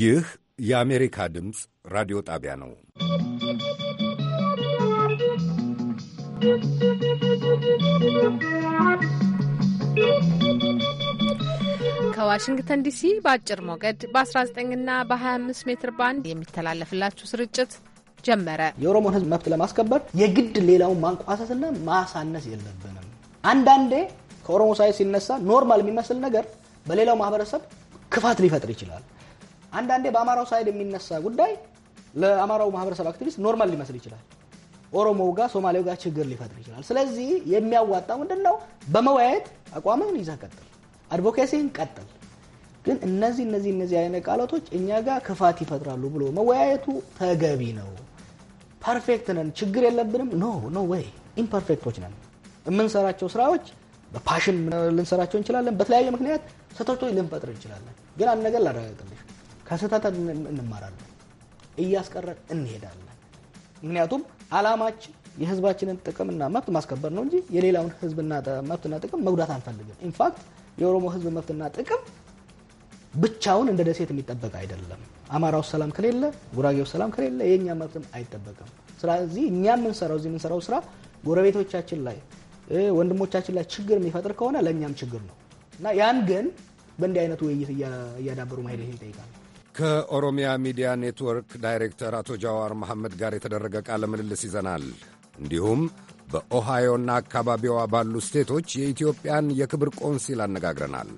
ይህ የአሜሪካ ድምፅ ራዲዮ ጣቢያ ነው። ከዋሽንግተን ዲሲ በአጭር ሞገድ በ19 እና በ25 ሜትር ባንድ የሚተላለፍላችሁ ስርጭት ጀመረ። የኦሮሞን ሕዝብ መብት ለማስከበር የግድ ሌላውን ማንቋሰስና ማሳነስ የለብንም። አንዳንዴ ከኦሮሞ ሳይ ሲነሳ ኖርማል የሚመስል ነገር በሌላው ማህበረሰብ ክፋት ሊፈጥር ይችላል። አንዳንዴ በአማራው ሳይድ የሚነሳ ጉዳይ ለአማራው ማህበረሰብ አክቲቪስት ኖርማል ሊመስል ይችላል። ኦሮሞው ጋር ሶማሌው ጋር ችግር ሊፈጥር ይችላል። ስለዚህ የሚያዋጣ ምንድን ነው? በመወያየት አቋምን ይዘህ ቀጥል፣ አድቮኬሲን ቀጥል። ግን እነዚህ እነዚህ እነዚህ አይነት ቃላቶች እኛ ጋር ክፋት ይፈጥራሉ ብሎ መወያየቱ ተገቢ ነው። ፐርፌክት ነን፣ ችግር የለብንም። ኖ ኖ ወይ ኢምፐርፌክቶች ነን። የምንሰራቸው ስራዎች በፓሽን ልንሰራቸው እንችላለን። በተለያየ ምክንያት ስህተቶች ልንፈጥር እንችላለን። ግን አንድ ነገር ላረጋግጥልሽ፣ ከስህተት እንማራለን፣ እያስቀረን እንሄዳለን። ምክንያቱም አላማችን የህዝባችንን ጥቅምና መብት ማስከበር ነው እንጂ የሌላውን ህዝብና መብትና ጥቅም መጉዳት አንፈልግም። ኢንፋክት የኦሮሞ ህዝብ መብትና ጥቅም ብቻውን እንደ ደሴት የሚጠበቅ አይደለም። አማራው ሰላም ከሌለ፣ ጉራጌው ሰላም ከሌለ የእኛ መብትም አይጠበቅም። ስለዚህ እኛ የምንሰራው እዚህ የምንሰራው ስራ ጎረቤቶቻችን ላይ ወንድሞቻችን ላይ ችግር የሚፈጥር ከሆነ ለእኛም ችግር ነው እና ያን ግን በእንዲህ አይነት ውይይት እያዳበሩ ማሄድ ይጠይቃል። ከኦሮሚያ ሚዲያ ኔትወርክ ዳይሬክተር አቶ ጃዋር መሐመድ ጋር የተደረገ ቃለ ምልልስ ይዘናል። እንዲሁም በኦሃዮና አካባቢዋ ባሉ ስቴቶች የኢትዮጵያን የክብር ቆንሲል አነጋግረናል።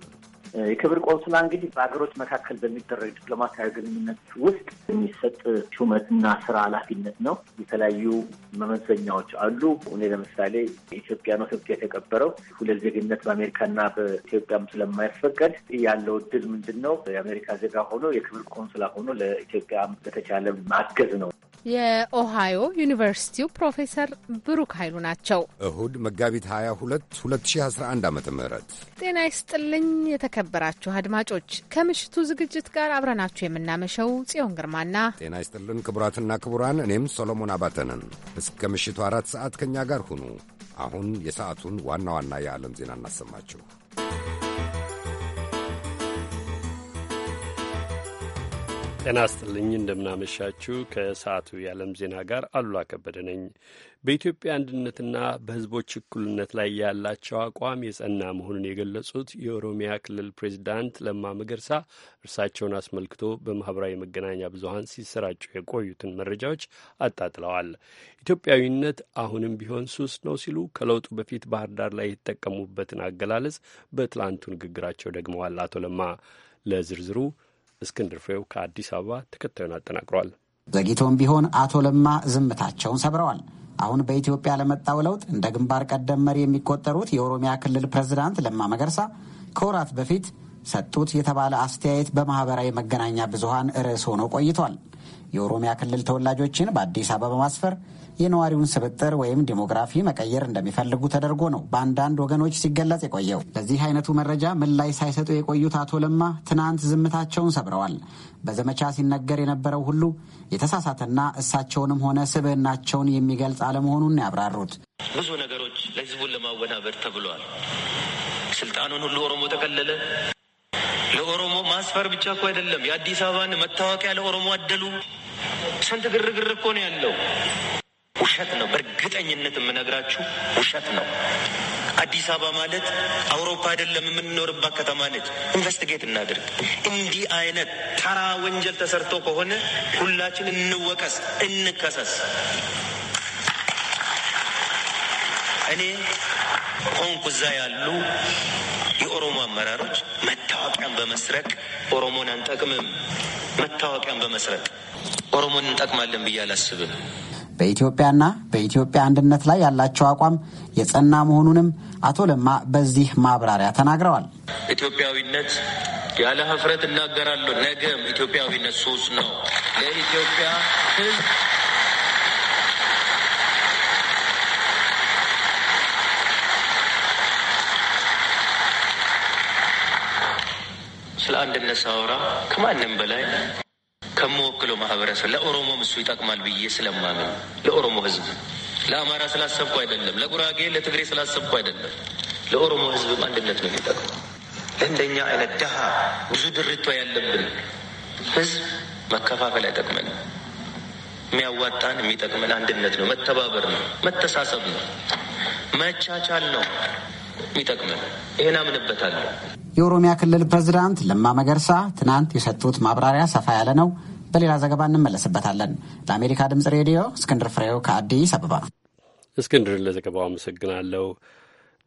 የክብር ቆንስላ እንግዲህ በሀገሮች መካከል በሚደረግ ዲፕሎማሲያዊ ግንኙነት ውስጥ የሚሰጥ ሹመትና ስራ ኃላፊነት ነው። የተለያዩ መመዘኛዎች አሉ። እኔ ለምሳሌ ኢትዮጵያ ነው ህግ የተቀበረው ሁለት ዜግነት በአሜሪካና በኢትዮጵያም ስለማይፈቀድ ያለው እድል ምንድን ነው? የአሜሪካ ዜጋ ሆኖ የክብር ቆንስላ ሆኖ ለኢትዮጵያ በተቻለ ማገዝ ነው። የኦሃዮ ዩኒቨርሲቲው ፕሮፌሰር ብሩክ ኃይሉ ናቸው። እሁድ መጋቢት 22 2011 ዓ ም ጤና ይስጥልኝ የተከበራችሁ አድማጮች፣ ከምሽቱ ዝግጅት ጋር አብረናችሁ የምናመሸው ጽዮን ግርማና ጤና ይስጥልን ክቡራትና ክቡራን፣ እኔም ሶሎሞን አባተንን እስከ ምሽቱ አራት ሰዓት ከእኛ ጋር ሁኑ። አሁን የሰዓቱን ዋና ዋና የዓለም ዜና እናሰማችሁ። ጤና ስጥልኝ እንደምናመሻችሁ። ከሰዓቱ የዓለም ዜና ጋር አሉላ ከበደ ነኝ። በኢትዮጵያ አንድነትና በህዝቦች እኩልነት ላይ ያላቸው አቋም የጸና መሆኑን የገለጹት የኦሮሚያ ክልል ፕሬዚዳንት ለማ መገርሳ እርሳቸውን አስመልክቶ በማኅበራዊ መገናኛ ብዙሀን ሲሰራጩ የቆዩትን መረጃዎች አጣጥለዋል። ኢትዮጵያዊነት አሁንም ቢሆን ሱስ ነው ሲሉ ከለውጡ በፊት ባህር ዳር ላይ የተጠቀሙበትን አገላለጽ በትላንቱ ንግግራቸው ደግመዋል። አቶ ለማ ለዝርዝሩ እስክንድር ፍሬው ከአዲስ አበባ ተከታዩን አጠናቅሯል። ዘግይቶም ቢሆን አቶ ለማ ዝምታቸውን ሰብረዋል። አሁን በኢትዮጵያ ለመጣው ለውጥ እንደ ግንባር ቀደም መሪ የሚቆጠሩት የኦሮሚያ ክልል ፕሬዝዳንት ለማ መገርሳ ከወራት በፊት ሰጡት የተባለ አስተያየት በማህበራዊ መገናኛ ብዙሃን ርዕስ ሆኖ ቆይቷል። የኦሮሚያ ክልል ተወላጆችን በአዲስ አበባ ማስፈር የነዋሪውን ስብጥር ወይም ዲሞግራፊ መቀየር እንደሚፈልጉ ተደርጎ ነው በአንዳንድ ወገኖች ሲገለጽ የቆየው። ለዚህ አይነቱ መረጃ ምላሽ ሳይሰጡ የቆዩት አቶ ለማ ትናንት ዝምታቸውን ሰብረዋል። በዘመቻ ሲነገር የነበረው ሁሉ የተሳሳተና እሳቸውንም ሆነ ስብዕናቸውን የሚገልጽ አለመሆኑን ያብራሩት ብዙ ነገሮች ለህዝቡን ለማወናበድ ተብለዋል። ስልጣኑን ሁሉ ኦሮሞ ተቀለለ። ለኦሮሞ ማስፈር ብቻ እኮ አይደለም። የአዲስ አበባን መታወቂያ ለኦሮሞ አደሉ። ስንት ግርግር እኮ ነው ያለው። ውሸት ነው። በእርግጠኝነት የምነግራችሁ ውሸት ነው። አዲስ አበባ ማለት አውሮፓ አይደለም፣ የምንኖርባት ከተማ ነች። ኢንቨስቲጌት እናድርግ። እንዲህ አይነት ተራ ወንጀል ተሰርቶ ከሆነ ሁላችን እንወቀስ፣ እንከሰስ። እኔ ሆንኩ እዛ ያሉ የኦሮሞ አመራሮች መታወቂያን በመስረቅ ኦሮሞን አንጠቅምም፣ መታወቂያን በመስረቅ ኦሮሞን እንጠቅማለን ብዬ አላስብም። በኢትዮጵያና በኢትዮጵያ አንድነት ላይ ያላቸው አቋም የጸና መሆኑንም አቶ ለማ በዚህ ማብራሪያ ተናግረዋል። ኢትዮጵያዊነት ያለ ህፍረት እናገራለሁ። ነገም ኢትዮጵያዊነት ሶስት ነው። ለኢትዮጵያ ሕዝብ ስለ አንድነት ሳወራ ከማንም በላይ ከምወክለው ማህበረሰብ ለኦሮሞም እሱ ይጠቅማል ብዬ ስለማምን ለኦሮሞ ህዝብ ለአማራ ስላሰብኩ አይደለም፣ ለጉራጌ ለትግሬ ስላሰብኩ አይደለም። ለኦሮሞ ህዝብ አንድነት ነው የሚጠቅመው። ለእንደኛ አይነት ድሃ ብዙ ድርቷ ያለብን ህዝብ መከፋፈል አይጠቅመን። የሚያዋጣን የሚጠቅመን አንድነት ነው፣ መተባበር ነው፣ መተሳሰብ ነው፣ መቻቻል ነው የሚጠቅመን። ይህን አምንበታለሁ። የኦሮሚያ ክልል ፕሬዝዳንት ለማ መገርሳ ትናንት የሰጡት ማብራሪያ ሰፋ ያለ ነው። በሌላ ዘገባ እንመለስበታለን። ለአሜሪካ ድምጽ ሬዲዮ እስክንድር ፍሬው ከአዲስ አበባ። እስክንድርን ለዘገባው አመሰግናለሁ።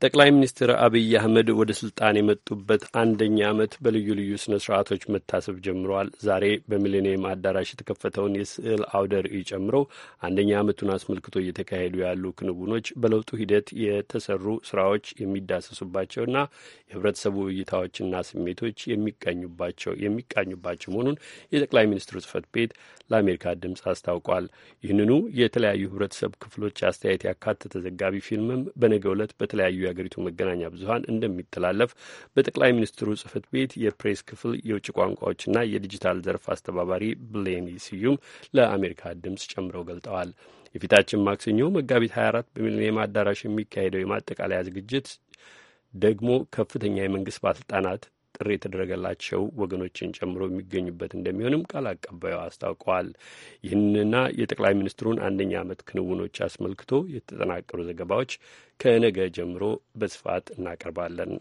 ጠቅላይ ሚኒስትር አብይ አህመድ ወደ ስልጣን የመጡበት አንደኛ ዓመት በልዩ ልዩ ስነ ስርዓቶች መታሰብ ጀምረዋል። ዛሬ በሚሊኒየም አዳራሽ የተከፈተውን የስዕል አውደ ርዕይ ጨምሮ አንደኛ ዓመቱን አስመልክቶ እየተካሄዱ ያሉ ክንውኖች፣ በለውጡ ሂደት የተሰሩ ስራዎች የሚዳሰሱባቸውና የህብረተሰቡ እይታዎችና ስሜቶች የሚቃኙባቸው የሚቃኙባቸው መሆኑን የጠቅላይ ሚኒስትሩ ጽህፈት ቤት ለአሜሪካ ድምፅ አስታውቋል። ይህንኑ የተለያዩ ህብረተሰብ ክፍሎች አስተያየት ያካተተ ዘጋቢ ፊልምም በነገው ዕለት በተለያዩ የሀገሪቱ መገናኛ ብዙኃን እንደሚተላለፍ በጠቅላይ ሚኒስትሩ ጽህፈት ቤት የፕሬስ ክፍል የውጭ ቋንቋዎችና የዲጂታል ዘርፍ አስተባባሪ ብሌኒ ስዩም ለአሜሪካ ድምፅ ጨምረው ገልጠዋል። የፊታችን ማክሰኞ መጋቢት 24 በሚሊኒየም አዳራሽ የሚካሄደው የማጠቃለያ ዝግጅት ደግሞ ከፍተኛ የመንግስት ባለስልጣናት ጥሪ የተደረገላቸው ወገኖችን ጨምሮ የሚገኙበት እንደሚሆንም ቃል አቀባዩ አስታውቀዋል። ይህንና የጠቅላይ ሚኒስትሩን አንደኛ ዓመት ክንውኖች አስመልክቶ የተጠናቀሩ ዘገባዎች ከነገ ጀምሮ በስፋት እናቀርባለን።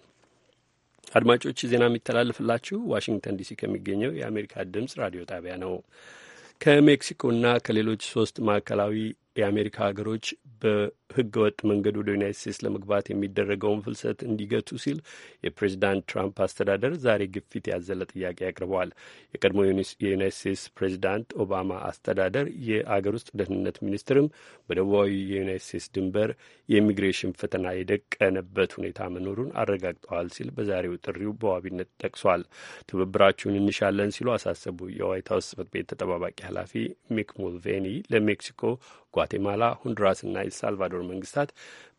አድማጮች ዜና የሚተላለፍላችሁ ዋሽንግተን ዲሲ ከሚገኘው የአሜሪካ ድምጽ ራዲዮ ጣቢያ ነው። ከሜክሲኮና ከሌሎች ሶስት ማዕከላዊ የአሜሪካ ሀገሮች በህገ ወጥ መንገድ ወደ ዩናይት ስቴትስ ለመግባት የሚደረገውን ፍልሰት እንዲገቱ ሲል የፕሬዚዳንት ትራምፕ አስተዳደር ዛሬ ግፊት ያዘለ ጥያቄ አቅርበዋል። የቀድሞ የዩናይት ስቴትስ ፕሬዚዳንት ኦባማ አስተዳደር የአገር ውስጥ ደህንነት ሚኒስትርም በደቡባዊ የዩናይት ስቴትስ ድንበር የኢሚግሬሽን ፈተና የደቀነበት ሁኔታ መኖሩን አረጋግጠዋል ሲል በዛሬው ጥሪው በዋቢነት ጠቅሷል። ትብብራችሁን እንሻለን ሲሉ አሳሰቡ። የዋይት ሀውስ ጽሕፈት ቤት ተጠባባቂ ኃላፊ ሚክ ሙልቬኒ ለሜክሲኮ ጓቴማላ፣ ሆንዱራስና የሳልቫዶር መንግስታት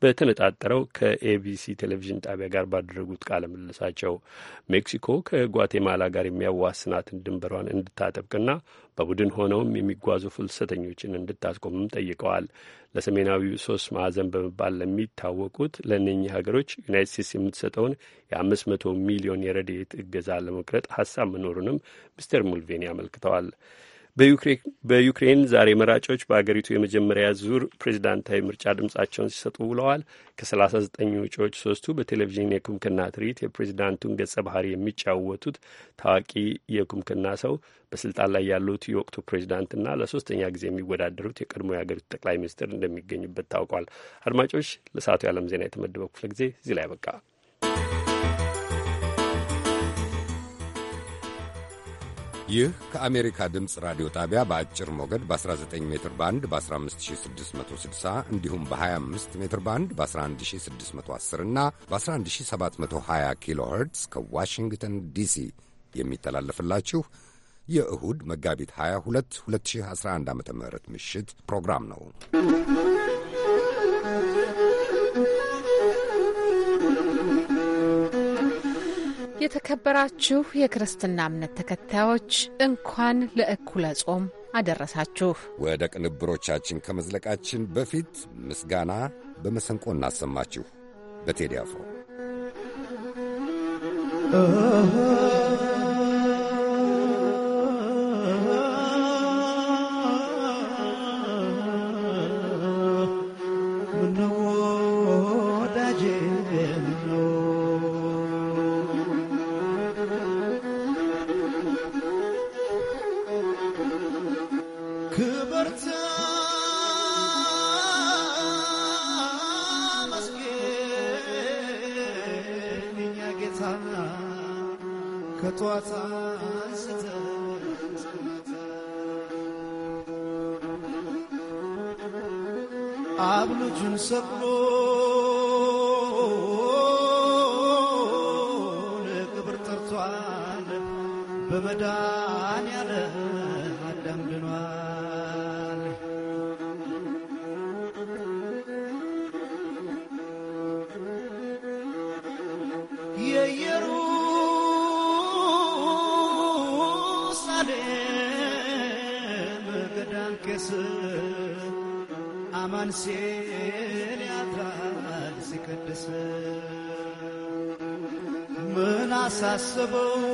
በተነጣጠረው ከኤቢሲ ቴሌቪዥን ጣቢያ ጋር ባደረጉት ቃለ ምልልሳቸው ሜክሲኮ ከጓቴማላ ጋር የሚያዋስናትን ድንበሯን እንድታጠብቅና በቡድን ሆነውም የሚጓዙ ፍልሰተኞችን እንድታስቆምም ጠይቀዋል። ለሰሜናዊው ሶስት ማዕዘን በመባል ለሚታወቁት ለእነኚህ ሀገሮች ዩናይት ስቴትስ የምትሰጠውን የአምስት መቶ ሚሊዮን የረድኤት እገዛ ለመቁረጥ ሀሳብ መኖሩንም ሚስተር ሙልቬኒ አመልክተዋል። በዩክሬን ዛሬ መራጮች በአገሪቱ የመጀመሪያ ዙር ፕሬዚዳንታዊ ምርጫ ድምጻቸውን ሲሰጡ ውለዋል። ከ39 እጩዎች ሶስቱ በቴሌቪዥን የኩምክና ትርኢት የፕሬዚዳንቱን ገጸ ባህሪ የሚጫወቱት ታዋቂ የኩምክና ሰው በስልጣን ላይ ያሉት የወቅቱ ፕሬዚዳንትና ለሶስተኛ ጊዜ የሚወዳደሩት የቀድሞ የአገሪቱ ጠቅላይ ሚኒስትር እንደሚገኙበት ታውቋል። አድማጮች፣ ለሰዓቱ የዓለም ዜና የተመደበው ክፍለ ጊዜ እዚህ ላይ በቃ ይህ ከአሜሪካ ድምፅ ራዲዮ ጣቢያ በአጭር ሞገድ በ19 ሜትር ባንድ በ15660 እንዲሁም በ25 ሜትር ባንድ በ11610 እና በ11720 ኪሎ ኸርትዝ ከዋሽንግተን ዲሲ የሚተላለፍላችሁ የእሁድ መጋቢት 22 2011 ዓ ም ምሽት ፕሮግራም ነው። የተከበራችሁ የክርስትና እምነት ተከታዮች እንኳን ለእኩለ ጾም አደረሳችሁ። ወደ ቅንብሮቻችን ከመዝለቃችን በፊት ምስጋና በመሰንቆ እናሰማችሁ በቴዲ አፍሮ ከቷታ አንስተ አብ ልጁን ሰቅሎ ለክብር ጠርቷል በመዳ ቃል ያድራል ሲቀድስ ምን አሳስበው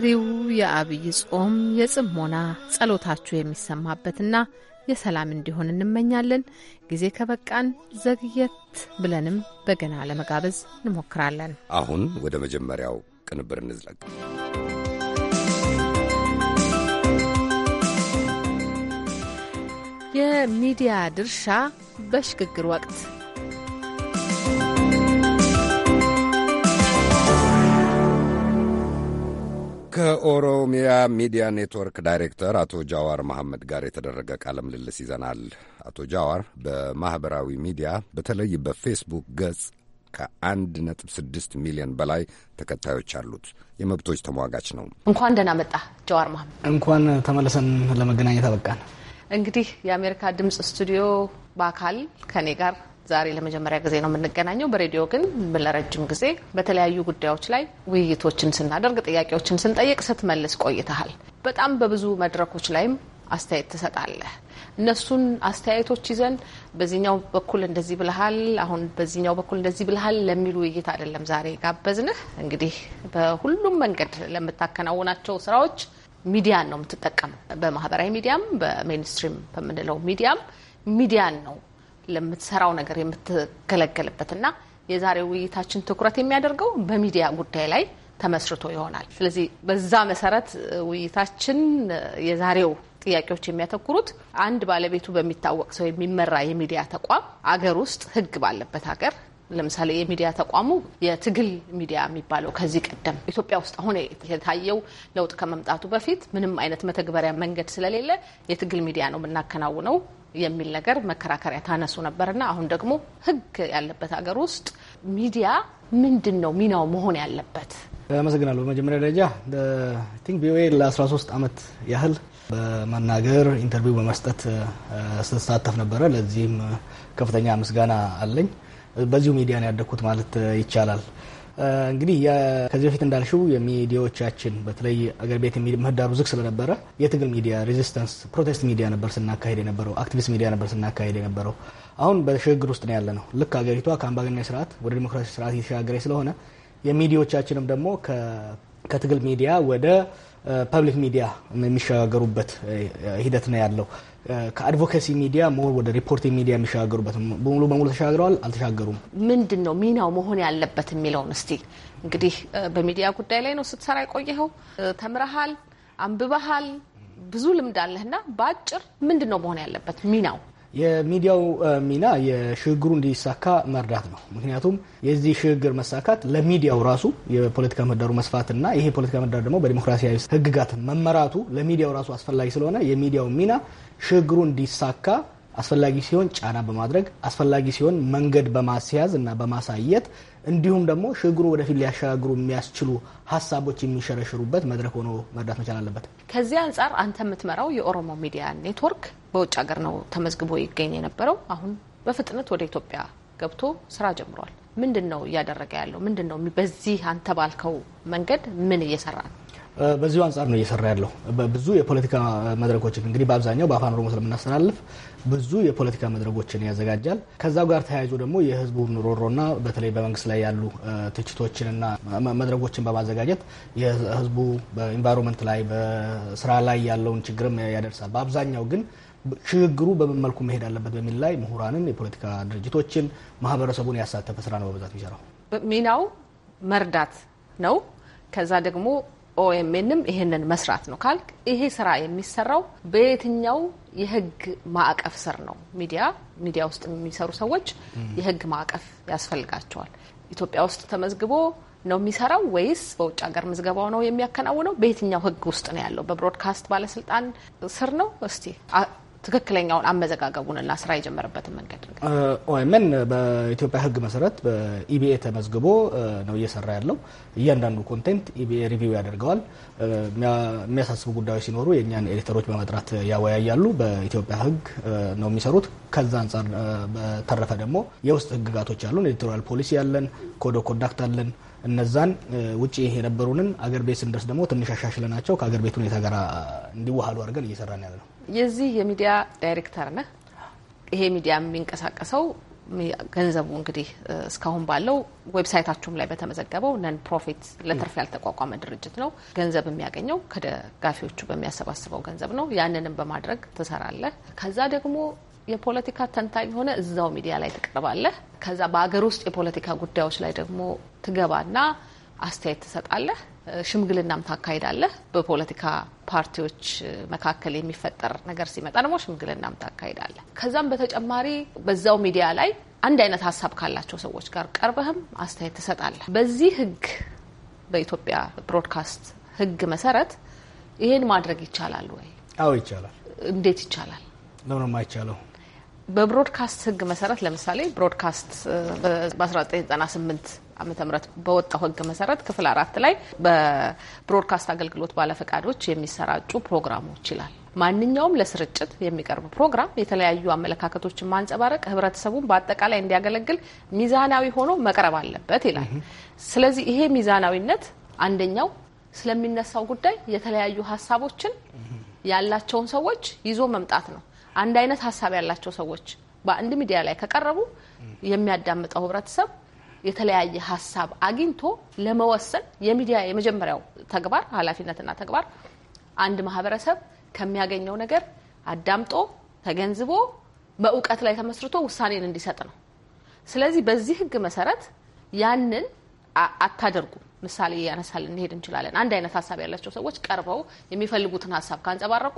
የዛሬው የአብይ ጾም የጽሞና ጸሎታችሁ የሚሰማበትና የሰላም እንዲሆን እንመኛለን። ጊዜ ከበቃን ዘግየት ብለንም በገና ለመጋበዝ እንሞክራለን። አሁን ወደ መጀመሪያው ቅንብር እንዝለቅ። የሚዲያ ድርሻ በሽግግር ወቅት ከኦሮሚያ ሚዲያ ኔትወርክ ዳይሬክተር አቶ ጃዋር መሐመድ ጋር የተደረገ ቃለ ምልልስ ይዘናል። አቶ ጃዋር በማኅበራዊ ሚዲያ በተለይ በፌስቡክ ገጽ ከአንድ ነጥብ ስድስት ሚሊዮን በላይ ተከታዮች አሉት። የመብቶች ተሟጋች ነው። እንኳን ደህና መጣ ጃዋር መሐመድ። እንኳን ተመልሰን ለመገናኘት አበቃን። እንግዲህ የአሜሪካ ድምጽ ስቱዲዮ በአካል ከኔ ጋር ዛሬ ለመጀመሪያ ጊዜ ነው የምንገናኘው። በሬዲዮ ግን ለረጅም ጊዜ በተለያዩ ጉዳዮች ላይ ውይይቶችን ስናደርግ፣ ጥያቄዎችን ስንጠይቅ ስትመልስ ቆይተሃል። በጣም በብዙ መድረኮች ላይም አስተያየት ትሰጣለህ። እነሱን አስተያየቶች ይዘን በዚህኛው በኩል እንደዚህ ብልሃል፣ አሁን በዚህኛው በኩል እንደዚህ ብልሃል ለሚል ውይይት አይደለም ዛሬ ጋበዝንህ። እንግዲህ በሁሉም መንገድ ለምታከናውናቸው ስራዎች ሚዲያን ነው የምትጠቀመው። በማህበራዊ ሚዲያም በሜንስትሪም በምንለው ሚዲያም ሚዲያን ነው ለምትሰራው ነገር የምትገለገልበትና የዛሬው ውይይታችን ትኩረት የሚያደርገው በሚዲያ ጉዳይ ላይ ተመስርቶ ይሆናል። ስለዚህ በዛ መሰረት ውይይታችን የዛሬው ጥያቄዎች የሚያተኩሩት አንድ ባለቤቱ በሚታወቅ ሰው የሚመራ የሚዲያ ተቋም አገር ውስጥ ሕግ ባለበት ሀገር ለምሳሌ የሚዲያ ተቋሙ የትግል ሚዲያ የሚባለው ከዚህ ቀደም ኢትዮጵያ ውስጥ አሁን የታየው ለውጥ ከመምጣቱ በፊት ምንም አይነት መተግበሪያ መንገድ ስለሌለ የትግል ሚዲያ ነው የምናከናውነው የሚል ነገር መከራከሪያ ታነሱ ነበርና አሁን ደግሞ ህግ ያለበት ሀገር ውስጥ ሚዲያ ምንድን ነው ሚናው መሆን ያለበት? አመሰግናለሁ። በመጀመሪያ ደረጃ ቲንክ ቪኦኤ ለ13 ዓመት ያህል በመናገር ኢንተርቪው በመስጠት ስትሳተፍ ነበረ። ለዚህም ከፍተኛ ምስጋና አለኝ። በዚሁ ሚዲያ ነው ያደግኩት ማለት ይቻላል። እንግዲህ ከዚህ በፊት እንዳልሽው የሚዲያዎቻችን በተለይ አገር ቤት ምህዳሩ ዝግ ስለነበረ የትግል ሚዲያ ሬዚስተንስ፣ ፕሮቴስት ሚዲያ ነበር ስናካሄድ የነበረው፣ አክቲቪስት ሚዲያ ነበር ስናካሄድ የነበረው። አሁን በሽግግር ውስጥ ነው ያለ ነው። ልክ ሀገሪቷ ከአምባገነናዊ ስርዓት ወደ ዲሞክራሲ ስርዓት እየተሸጋገረች ስለሆነ የሚዲያዎቻችንም ደግሞ ከትግል ሚዲያ ወደ ፐብሊክ ሚዲያ የሚሸጋገሩበት ሂደት ነው ያለው። ከአድቮኬሲ ሚዲያ ሞር ወደ ሪፖርቲንግ ሚዲያ የሚሸጋገሩበት በሙሉ በሙሉ ተሸጋግረዋል አልተሻገሩም። ምንድን ነው ሚናው መሆን ያለበት የሚለውን እስቲ እንግዲህ በሚዲያ ጉዳይ ላይ ነው ስትሰራ የቆየኸው፣ ተምረሃል፣ አንብበሃል፣ ብዙ ልምድ አለህና በአጭር ምንድን ነው መሆን ያለበት ሚናው? የሚዲያው ሚና የሽግግሩ እንዲሳካ መርዳት ነው። ምክንያቱም የዚህ ሽግግር መሳካት ለሚዲያው ራሱ የፖለቲካ ምህዳሩ መስፋትና ይሄ የፖለቲካ ምህዳር ደግሞ በዲሞክራሲያዊ ህግጋት መመራቱ ለሚዲያው ራሱ አስፈላጊ ስለሆነ የሚዲያው ሚና ሽግግሩ እንዲሳካ አስፈላጊ ሲሆን ጫና በማድረግ አስፈላጊ ሲሆን መንገድ በማስያዝ እና በማሳየት እንዲሁም ደግሞ ሽግሩ ወደፊት ሊያሸጋግሩ የሚያስችሉ ሀሳቦች የሚሸረሽሩበት መድረክ ሆኖ መርዳት መቻል አለበት። ከዚህ አንጻር አንተ የምትመራው የኦሮሞ ሚዲያ ኔትወርክ በውጭ ሀገር ነው ተመዝግቦ ይገኝ የነበረው፣ አሁን በፍጥነት ወደ ኢትዮጵያ ገብቶ ስራ ጀምሯል። ምንድን ነው እያደረገ ያለው? ምንድን ነው በዚህ አንተ ባልከው መንገድ ምን እየሰራ ነው? በዚሁ አንጻር ነው እየሰራ ያለው። ብዙ የፖለቲካ መድረኮችን እንግዲህ በአብዛኛው በአፋን ኦሮሞ ስለምናስተላልፍ ብዙ የፖለቲካ መድረጎችን ያዘጋጃል። ከዛው ጋር ተያይዞ ደግሞ የህዝቡን ሮሮና በተለይ በመንግስት ላይ ያሉ ትችቶችንና መድረኮችን በማዘጋጀት የህዝቡ በኢንቫይሮንመንት ላይ በስራ ላይ ያለውን ችግርም ያደርሳል። በአብዛኛው ግን ሽግግሩ በምን መልኩ መሄድ አለበት በሚል ላይ ምሁራንን፣ የፖለቲካ ድርጅቶችን፣ ማህበረሰቡን ያሳተፈ ስራ ነው በብዛት የሚሰራው ሚናው መርዳት ነው። ከዛ ደግሞ ኦኤምኤንም ይሄንን መስራት ነው ካልክ ይሄ ስራ የሚሰራው በየትኛው የህግ ማዕቀፍ ስር ነው? ሚዲያ ሚዲያ ውስጥ የሚሰሩ ሰዎች የህግ ማዕቀፍ ያስፈልጋቸዋል። ኢትዮጵያ ውስጥ ተመዝግቦ ነው የሚሰራው ወይስ በውጭ ሀገር ምዝገባው ነው የሚያከናውነው? በየትኛው ህግ ውስጥ ነው ያለው? በብሮድካስት ባለስልጣን ስር ነው? እስቲ ትክክለኛውን አመዘጋገቡንና ስራ የጀመረበትን መንገድ ኦኤምን በኢትዮጵያ ሕግ መሰረት በኢቢኤ ተመዝግቦ ነው እየሰራ ያለው። እያንዳንዱ ኮንቴንት ኢቢኤ ሪቪው ያደርገዋል። የሚያሳስቡ ጉዳዮች ሲኖሩ የእኛን ኤዲተሮች በመጥራት ያወያያሉ። በኢትዮጵያ ሕግ ነው የሚሰሩት። ከዛ አንጻር በተረፈ ደግሞ የውስጥ ሕግጋቶች አሉን። ኤዲቶሪያል ፖሊሲ ያለን፣ ኮድ ኦፍ ኮንዳክት አለን። እነዛን ውጭ የነበሩንን አገር ቤት ስንደርስ ደግሞ ትንሽ ናቸው ከአገር ቤት ሁኔታ ጋር እንዲዋሃሉ አድርገን እየሰራን ያለ ነው። የዚህ የሚዲያ ዳይሬክተር ነህ። ይሄ ሚዲያ የሚንቀሳቀሰው ገንዘቡ እንግዲህ እስካሁን ባለው ዌብሳይታችሁም ላይ በተመዘገበው ነን ፕሮፊት ለትርፍ ያልተቋቋመ ድርጅት ነው። ገንዘብ የሚያገኘው ከደጋፊዎቹ በሚያሰባስበው ገንዘብ ነው። ያንንም በማድረግ ትሰራለህ። ከዛ ደግሞ የፖለቲካ ተንታኝ ሆነ እዛው ሚዲያ ላይ ትቀርባለህ። ከዛ በሀገር ውስጥ የፖለቲካ ጉዳዮች ላይ ደግሞ ትገባና አስተያየት ትሰጣለህ። ሽምግልናም ታካሂዳለህ። በፖለቲካ ፓርቲዎች መካከል የሚፈጠር ነገር ሲመጣ ደግሞ ሽምግልናም ታካሂዳለህ። ከዛም በተጨማሪ በዛው ሚዲያ ላይ አንድ አይነት ሀሳብ ካላቸው ሰዎች ጋር ቀርበህም አስተያየት ትሰጣለህ። በዚህ ህግ በኢትዮጵያ ብሮድካስት ህግ መሰረት ይሄን ማድረግ ይቻላል ወይ? አዎ ይቻላል። እንዴት ይቻላል? ለምን አይቻለው? በብሮድካስት ህግ መሰረት ለምሳሌ ብሮድካስት በ1998 ዓመተ ምህረት በወጣው ህግ መሰረት ክፍል አራት ላይ በብሮድካስት አገልግሎት ባለፈቃዶች የሚሰራጩ ፕሮግራሞች ይላል። ማንኛውም ለስርጭት የሚቀርብ ፕሮግራም የተለያዩ አመለካከቶችን ማንጸባረቅ ህብረተሰቡን በአጠቃላይ እንዲያገለግል ሚዛናዊ ሆኖ መቅረብ አለበት ይላል። ስለዚህ ይሄ ሚዛናዊነት አንደኛው ስለሚነሳው ጉዳይ የተለያዩ ሀሳቦችን ያላቸውን ሰዎች ይዞ መምጣት ነው። አንድ አይነት ሀሳብ ያላቸው ሰዎች በአንድ ሚዲያ ላይ ከቀረቡ የሚያዳምጠው ህብረተሰብ የተለያየ ሀሳብ አግኝቶ ለመወሰን የሚዲያ የመጀመሪያው ተግባር ኃላፊነትና ተግባር አንድ ማህበረሰብ ከሚያገኘው ነገር አዳምጦ ተገንዝቦ በእውቀት ላይ ተመስርቶ ውሳኔን እንዲሰጥ ነው። ስለዚህ በዚህ ህግ መሰረት ያንን አታደርጉ ምሳሌ ያነሳል እንሄድ እንችላለን። አንድ አይነት ሀሳብ ያላቸው ሰዎች ቀርበው የሚፈልጉትን ሀሳብ ካንጸባረቁ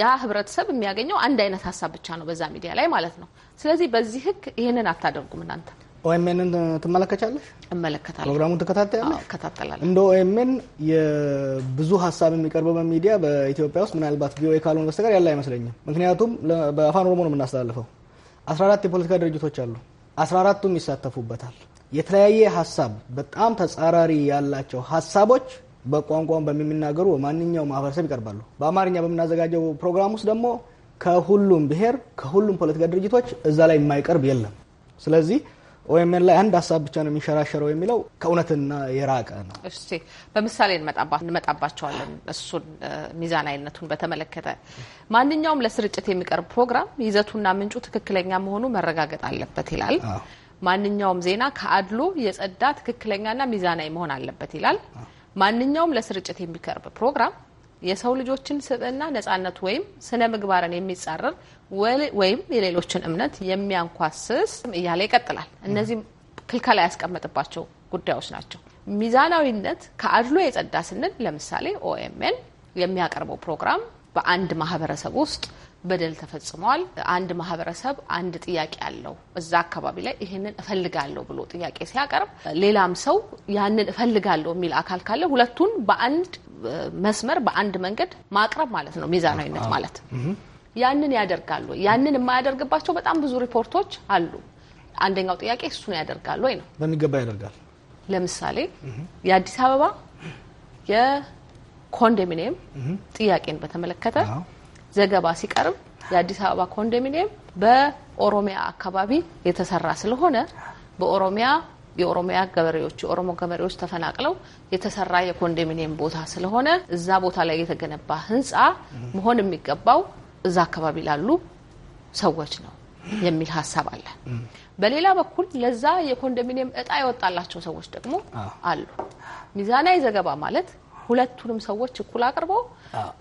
ያ ህብረተሰብ የሚያገኘው አንድ አይነት ሀሳብ ብቻ ነው በዛ ሚዲያ ላይ ማለት ነው። ስለዚህ በዚህ ህግ ይህንን አታደርጉም እናንተ። ኦኤምኤንን ትመለከቻለሽ? እመለከታለሁ። ፕሮግራሙን ትከታተያለሽ? እከታተላለሁ። እንደ ኦኤምኤን የብዙ ሀሳብ የሚቀርበው በሚዲያ በኢትዮጵያ ውስጥ ምናልባት ቪኦኤ ካልሆነ በስተቀር ያለ አይመስለኝም። ምክንያቱም በአፋን ኦሮሞ ነው የምናስተላልፈው። 14 የፖለቲካ ድርጅቶች አሉ። 14ቱም ይሳተፉበታል። የተለያየ ሀሳብ፣ በጣም ተጻራሪ ያላቸው ሀሳቦች በቋንቋውን በሚናገሩ በማንኛውም ማህበረሰብ ይቀርባሉ። በአማርኛ በምናዘጋጀው ፕሮግራም ውስጥ ደግሞ ከሁሉም ብሔር ከሁሉም ፖለቲካ ድርጅቶች እዛ ላይ የማይቀርብ የለም። ስለዚህ ኦኤምኤን ላይ አንድ ሀሳብ ብቻ ነው የሚንሸራሸረው የሚለው ከእውነትና የራቀ ነው። እሺ በምሳሌ እንመጣባቸዋለን። እሱን ሚዛናዊነቱን በተመለከተ ማንኛውም ለስርጭት የሚቀርብ ፕሮግራም ይዘቱና ምንጩ ትክክለኛ መሆኑ መረጋገጥ አለበት ይላል። ማንኛውም ዜና ከአድሎ የጸዳ ትክክለኛና ሚዛናዊ መሆን አለበት ይላል። ማንኛውም ለስርጭት የሚቀርብ ፕሮግራም የሰው ልጆችን ስብዕና፣ ነጻነት ወይም ስነ ምግባርን የሚጻረር ወይም የሌሎችን እምነት የሚያንኳስስ እያለ ይቀጥላል። እነዚህም ክልከላ ያስቀመጥባቸው ጉዳዮች ናቸው። ሚዛናዊነት ከአድሎ የጸዳ ስንል ለምሳሌ ኦኤምኤን የሚያቀርበው ፕሮግራም በአንድ ማህበረሰብ ውስጥ በደል ተፈጽሟል። አንድ ማህበረሰብ አንድ ጥያቄ አለው። እዛ አካባቢ ላይ ይህንን እፈልጋለሁ ብሎ ጥያቄ ሲያቀርብ ሌላም ሰው ያንን እፈልጋለሁ የሚል አካል ካለ ሁለቱን በአንድ መስመር በአንድ መንገድ ማቅረብ ማለት ነው፣ ሚዛናዊነት ማለት ያንን ያደርጋሉ። ያንን የማያደርግባቸው በጣም ብዙ ሪፖርቶች አሉ። አንደኛው ጥያቄ እሱን ያደርጋሉ ወይ ነው። በሚገባ ያደርጋል። ለምሳሌ የአዲስ አበባ የኮንዶሚኒየም ጥያቄን በተመለከተ ዘገባ ሲቀርብ የአዲስ አበባ ኮንዶሚኒየም በኦሮሚያ አካባቢ የተሰራ ስለሆነ በኦሮሚያ የኦሮሚያ ገበሬዎች የኦሮሞ ገበሬዎች ተፈናቅለው የተሰራ የኮንዶሚኒየም ቦታ ስለሆነ እዛ ቦታ ላይ የተገነባ ህንፃ መሆን የሚገባው እዛ አካባቢ ላሉ ሰዎች ነው የሚል ሀሳብ አለ። በሌላ በኩል ለዛ የኮንዶሚኒየም እጣ የወጣላቸው ሰዎች ደግሞ አሉ። ሚዛናዊ ዘገባ ማለት ሁለቱንም ሰዎች እኩል አቅርቦ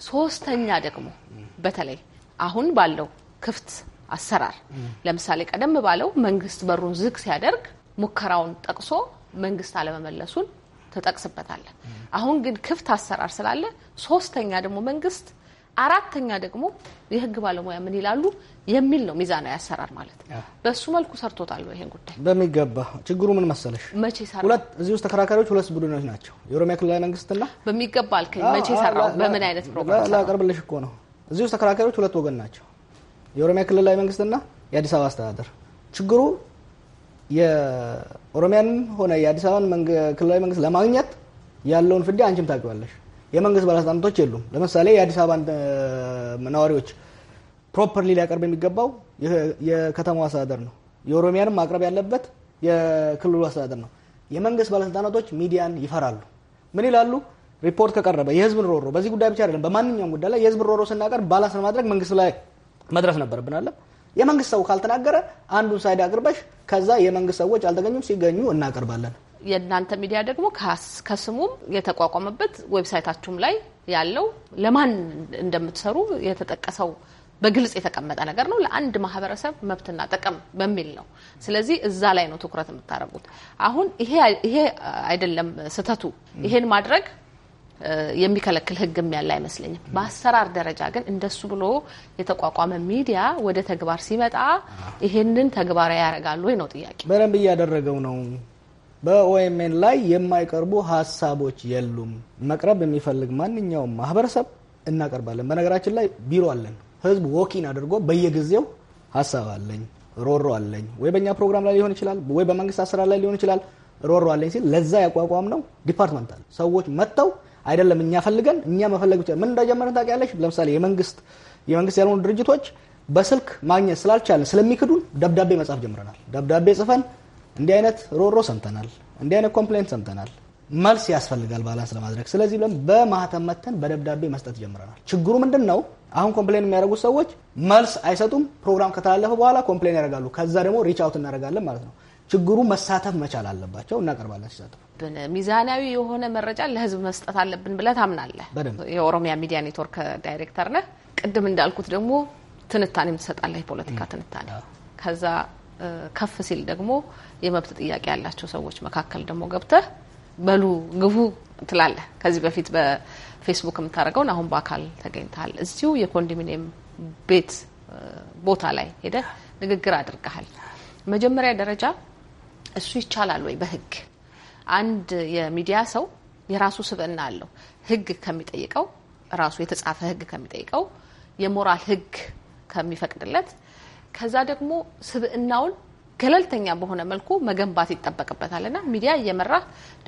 ሶስተኛ ደግሞ በተለይ አሁን ባለው ክፍት አሰራር ለምሳሌ ቀደም ባለው መንግስት በሩን ዝግ ሲያደርግ ሙከራውን ጠቅሶ መንግስት አለመመለሱን ተጠቅስበታለ። አሁን ግን ክፍት አሰራር ስላለ ሶስተኛ ደግሞ መንግስት አራተኛ ደግሞ የህግ ባለሙያ ምን ይላሉ የሚል ነው። ሚዛናዊ አሰራር ማለት በሱ መልኩ ሰርቶታል ይሄን ጉዳይ በሚገባ። ችግሩ ምን መሰለሽ፣ መቼ ሰራ? ሁለት እዚህ ውስጥ ተከራካሪዎች ሁለት ቡድኖች ናቸው፣ የኦሮሚያ ክልላዊ መንግስትና በሚገባ አልከኝ። መቼ ሰራው? በምን አይነት ፕሮግራም? ላቀርብልሽ እኮ ነው እዚህ ውስጥ ተከራካሪዎች ሁለት ወገን ናቸው፣ የኦሮሚያ ክልላዊ መንግስትና የአዲስ አበባ አስተዳደር። ችግሩ የኦሮሚያንም ሆነ የአዲስ አበባን ክልላዊ መንግስት ለማግኘት ያለውን ፍዳ አንቺም ታውቂዋለሽ። የመንግስት ባለስልጣናቶች የሉም። ለምሳሌ የአዲስ አበባን ነዋሪዎች ፕሮፐርሊ ሊያቀርብ የሚገባው የከተማው አስተዳደር ነው። የኦሮሚያንም ማቅረብ ያለበት የክልሉ አስተዳደር ነው። የመንግስት ባለስልጣናቶች ሚዲያን ይፈራሉ። ምን ይላሉ? ሪፖርት ከቀረበ የህዝብን ሮሮ በዚህ ጉዳይ ብቻ አይደለም፣ በማንኛውም ጉዳይ ላይ የህዝብን ሮሮ ስናቀርብ ባላንስ ለማድረግ መንግስት ላይ መድረስ ነበረብን አለ። የመንግስት ሰው ካልተናገረ አንዱን ሳይድ አቅርበሽ ከዛ የመንግስት ሰዎች አልተገኙም፣ ሲገኙ እናቀርባለን። የእናንተ ሚዲያ ደግሞ ከስሙም የተቋቋመበት ዌብሳይታችሁም ላይ ያለው ለማን እንደምትሰሩ የተጠቀሰው በግልጽ የተቀመጠ ነገር ነው። ለአንድ ማህበረሰብ መብትና ጥቅም በሚል ነው። ስለዚህ እዛ ላይ ነው ትኩረት የምታደርጉት። አሁን ይሄ አይደለም ስህተቱ። ይሄን ማድረግ የሚከለክል ህግም ያለ አይመስለኝም። በአሰራር ደረጃ ግን እንደሱ ብሎ የተቋቋመ ሚዲያ ወደ ተግባር ሲመጣ ይሄንን ተግባራዊ ያደርጋሉ ወይ ነው ጥያቄ። በደንብ እያደረገው ነው። በኦኤምኤን ላይ የማይቀርቡ ሀሳቦች የሉም። መቅረብ የሚፈልግ ማንኛውም ማህበረሰብ እናቀርባለን። በነገራችን ላይ ቢሮ አለን። ህዝብ ወኪን አድርጎ በየጊዜው ሀሳብ አለኝ ሮሮ አለኝ ወይ በእኛ ፕሮግራም ላይ ሊሆን ይችላል ወይ በመንግስት አሰራር ላይ ሊሆን ይችላል ሮሮ አለኝ ሲል ለዛ ያቋቋም ነው ዲፓርትመንት አለ። ሰዎች መጥተው አይደለም እኛ ፈልገን እኛ መፈለግ ብቻ ምን እንደጀመርን ታውቂያለሽ። ለምሳሌ የመንግስት የመንግስት ያልሆኑ ድርጅቶች በስልክ ማግኘት ስላልቻለን ስለሚክዱን ደብዳቤ መጻፍ ጀምረናል። ደብዳቤ ጽፈን እንዲህ አይነት ሮሮ ሰምተናል፣ እንዲህ አይነት ኮምፕሌንት ሰምተናል፣ መልስ ያስፈልጋል ባላንስ ለማድረግ ስለዚህ ብለን በማህተም መተን በደብዳቤ መስጠት ጀምረናል። ችግሩ ምንድን ነው? አሁን ኮምፕሌን የሚያደርጉት ሰዎች መልስ አይሰጡም። ፕሮግራም ከተላለፈ በኋላ ኮምፕሌን ያደርጋሉ። ከዛ ደግሞ ሪች አውት እናደርጋለን ማለት ነው። ችግሩ መሳተፍ መቻል አለባቸው። እናቀርባለን ሲሳተፍ አለብን፣ ሚዛናዊ የሆነ መረጃ ለህዝብ መስጠት አለብን ብለህ ታምናለህ? የኦሮሚያ ሚዲያ ኔትወርክ ዳይሬክተር ነህ። ቅድም እንዳልኩት ደግሞ ትንታኔም ትሰጣለህ፣ የፖለቲካ ትንታኔ። ከዛ ከፍ ሲል ደግሞ የመብት ጥያቄ ያላቸው ሰዎች መካከል ደግሞ ገብተህ በሉ ግቡ ትላለህ። ከዚህ በፊት በፌስቡክ የምታደርገውን አሁን በአካል ተገኝተሃል። እዚሁ የኮንዶሚኒየም ቤት ቦታ ላይ ሄደህ ንግግር አድርገሃል። መጀመሪያ ደረጃ እሱ ይቻላል ወይ በህግ አንድ የሚዲያ ሰው የራሱ ስብዕና አለው። ህግ ከሚጠይቀው ራሱ የተጻፈ ህግ ከሚጠይቀው የሞራል ህግ ከሚፈቅድለት ከዛ ደግሞ ስብዕናውን ገለልተኛ በሆነ መልኩ መገንባት ይጠበቅበታል እና ሚዲያ እየመራ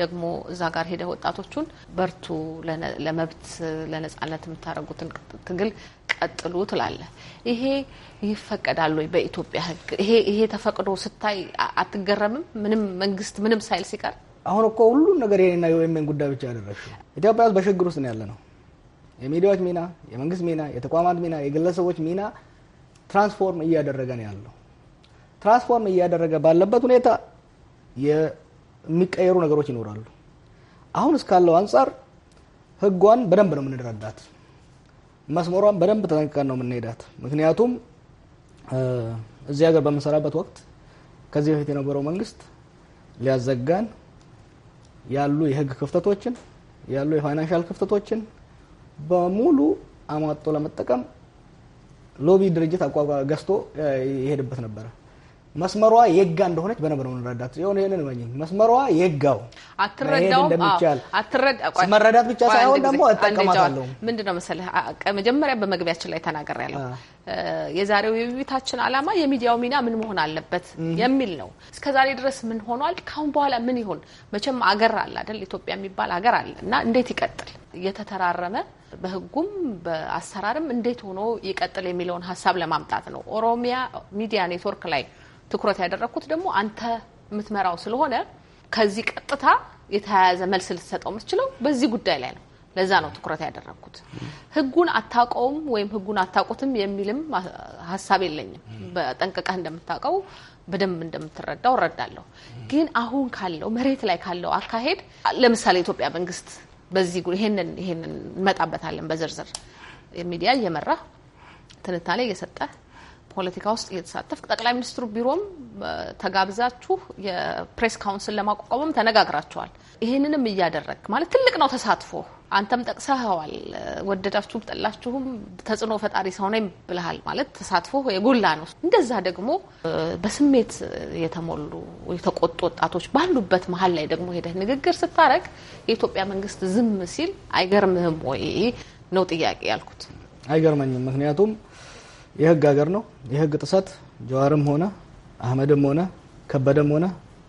ደግሞ እዛ ጋር ሄደ ወጣቶቹን በርቱ፣ ለመብት ለነጻነት የምታደርጉትን ትግል ቀጥሉ ትላለ። ይሄ ይፈቀዳል ወይ በኢትዮጵያ ህግ? ይሄ ተፈቅዶ ስታይ አትገረምም? ምንም መንግስት ምንም ሳይል ሲቀር አሁን እኮ ሁሉም ነገር የኔና የወይሜን ጉዳይ ብቻ ያደረግሽው። ኢትዮጵያ ውስጥ በችግር ውስጥ ነው ያለ ነው። የሚዲያዎች ሚና፣ የመንግስት ሚና፣ የተቋማት ሚና፣ የግለሰቦች ሚና ትራንስፎርም እያደረገ ነው ያለው። ትራንስፎርም እያደረገ ባለበት ሁኔታ የሚቀየሩ ነገሮች ይኖራሉ። አሁን እስካለው አንጻር ህጓን በደንብ ነው የምንረዳት፣ መስመሯን በደንብ ተጠንቅቀን ነው የምንሄዳት። ምክንያቱም እዚህ ሀገር በምንሰራበት ወቅት ከዚህ በፊት የነበረው መንግስት ሊያዘጋን ያሉ የህግ ክፍተቶችን ያሉ የፋይናንሻል ክፍተቶችን በሙሉ አሟጦ ለመጠቀም ሎቢ ድርጅት አቋቋ ገዝቶ ይሄድበት ነበረ። መስመሯ የጋ እንደሆነች በነበር ነው እንረዳት የሆነ ይህንን ማኝ መስመሯ የጋው አትረዳውም መረዳት ብቻ ሳይሆን ደግሞ እጠቀማታለሁ። ምንድን ነው መሰለህ መጀመሪያ በመግቢያችን ላይ ተናገር ያለው የዛሬው የውይይታችን ዓላማ የሚዲያው ሚና ምን መሆን አለበት የሚል ነው። እስከ ዛሬ ድረስ ምን ሆኗል? ካሁን በኋላ ምን ይሆን? መቼም አገር አለ አይደል? ኢትዮጵያ የሚባል አገር አለ እና እንዴት ይቀጥል እየተተራረመ በሕጉም በአሰራርም እንዴት ሆኖ ይቀጥል የሚለውን ሀሳብ ለማምጣት ነው። ኦሮሚያ ሚዲያ ኔትወርክ ላይ ትኩረት ያደረግኩት ደግሞ አንተ የምትመራው ስለሆነ ከዚህ ቀጥታ የተያያዘ መልስ ልትሰጠው የምትችለው በዚህ ጉዳይ ላይ ነው። ለዛ ነው ትኩረት ያደረግኩት። ህጉን አታውቀውም ወይም ህጉን አታውቁትም የሚልም ሀሳብ የለኝም። በጠንቅቀህ እንደምታውቀው በደንብ እንደምትረዳው እረዳለሁ። ግን አሁን ካለው መሬት ላይ ካለው አካሄድ ለምሳሌ የኢትዮጵያ መንግስት በዚህ ይሄንን ይሄንን እንመጣበታለን በዝርዝር ሚዲያ እየመራ ትንታኔ እየሰጠ ፖለቲካ ውስጥ እየተሳተፍክ ጠቅላይ ሚኒስትሩ ቢሮም ተጋብዛችሁ የፕሬስ ካውንስል ለማቋቋምም ተነጋግራችኋል። ይህንንም እያደረግ ማለት ትልቅ ነው ተሳትፎ። አንተም ጠቅሰኸዋል። ወደዳችሁም ጠላችሁም ተጽዕኖ ፈጣሪ ሰው ነኝ ብልሃል። ማለት ተሳትፎ የጎላ ነው። እንደዛ ደግሞ በስሜት የተሞሉ የተቆጡ ወጣቶች ባሉበት መሀል ላይ ደግሞ ሄደህ ንግግር ስታረግ የኢትዮጵያ መንግስት ዝም ሲል አይገርምህም ወይ ነው ጥያቄ ያልኩት። አይገርመኝም። ምክንያቱም የህግ ሀገር ነው። የህግ ጥሰት ጀዋርም ሆነ አህመድም ሆነ ከበደም ሆነ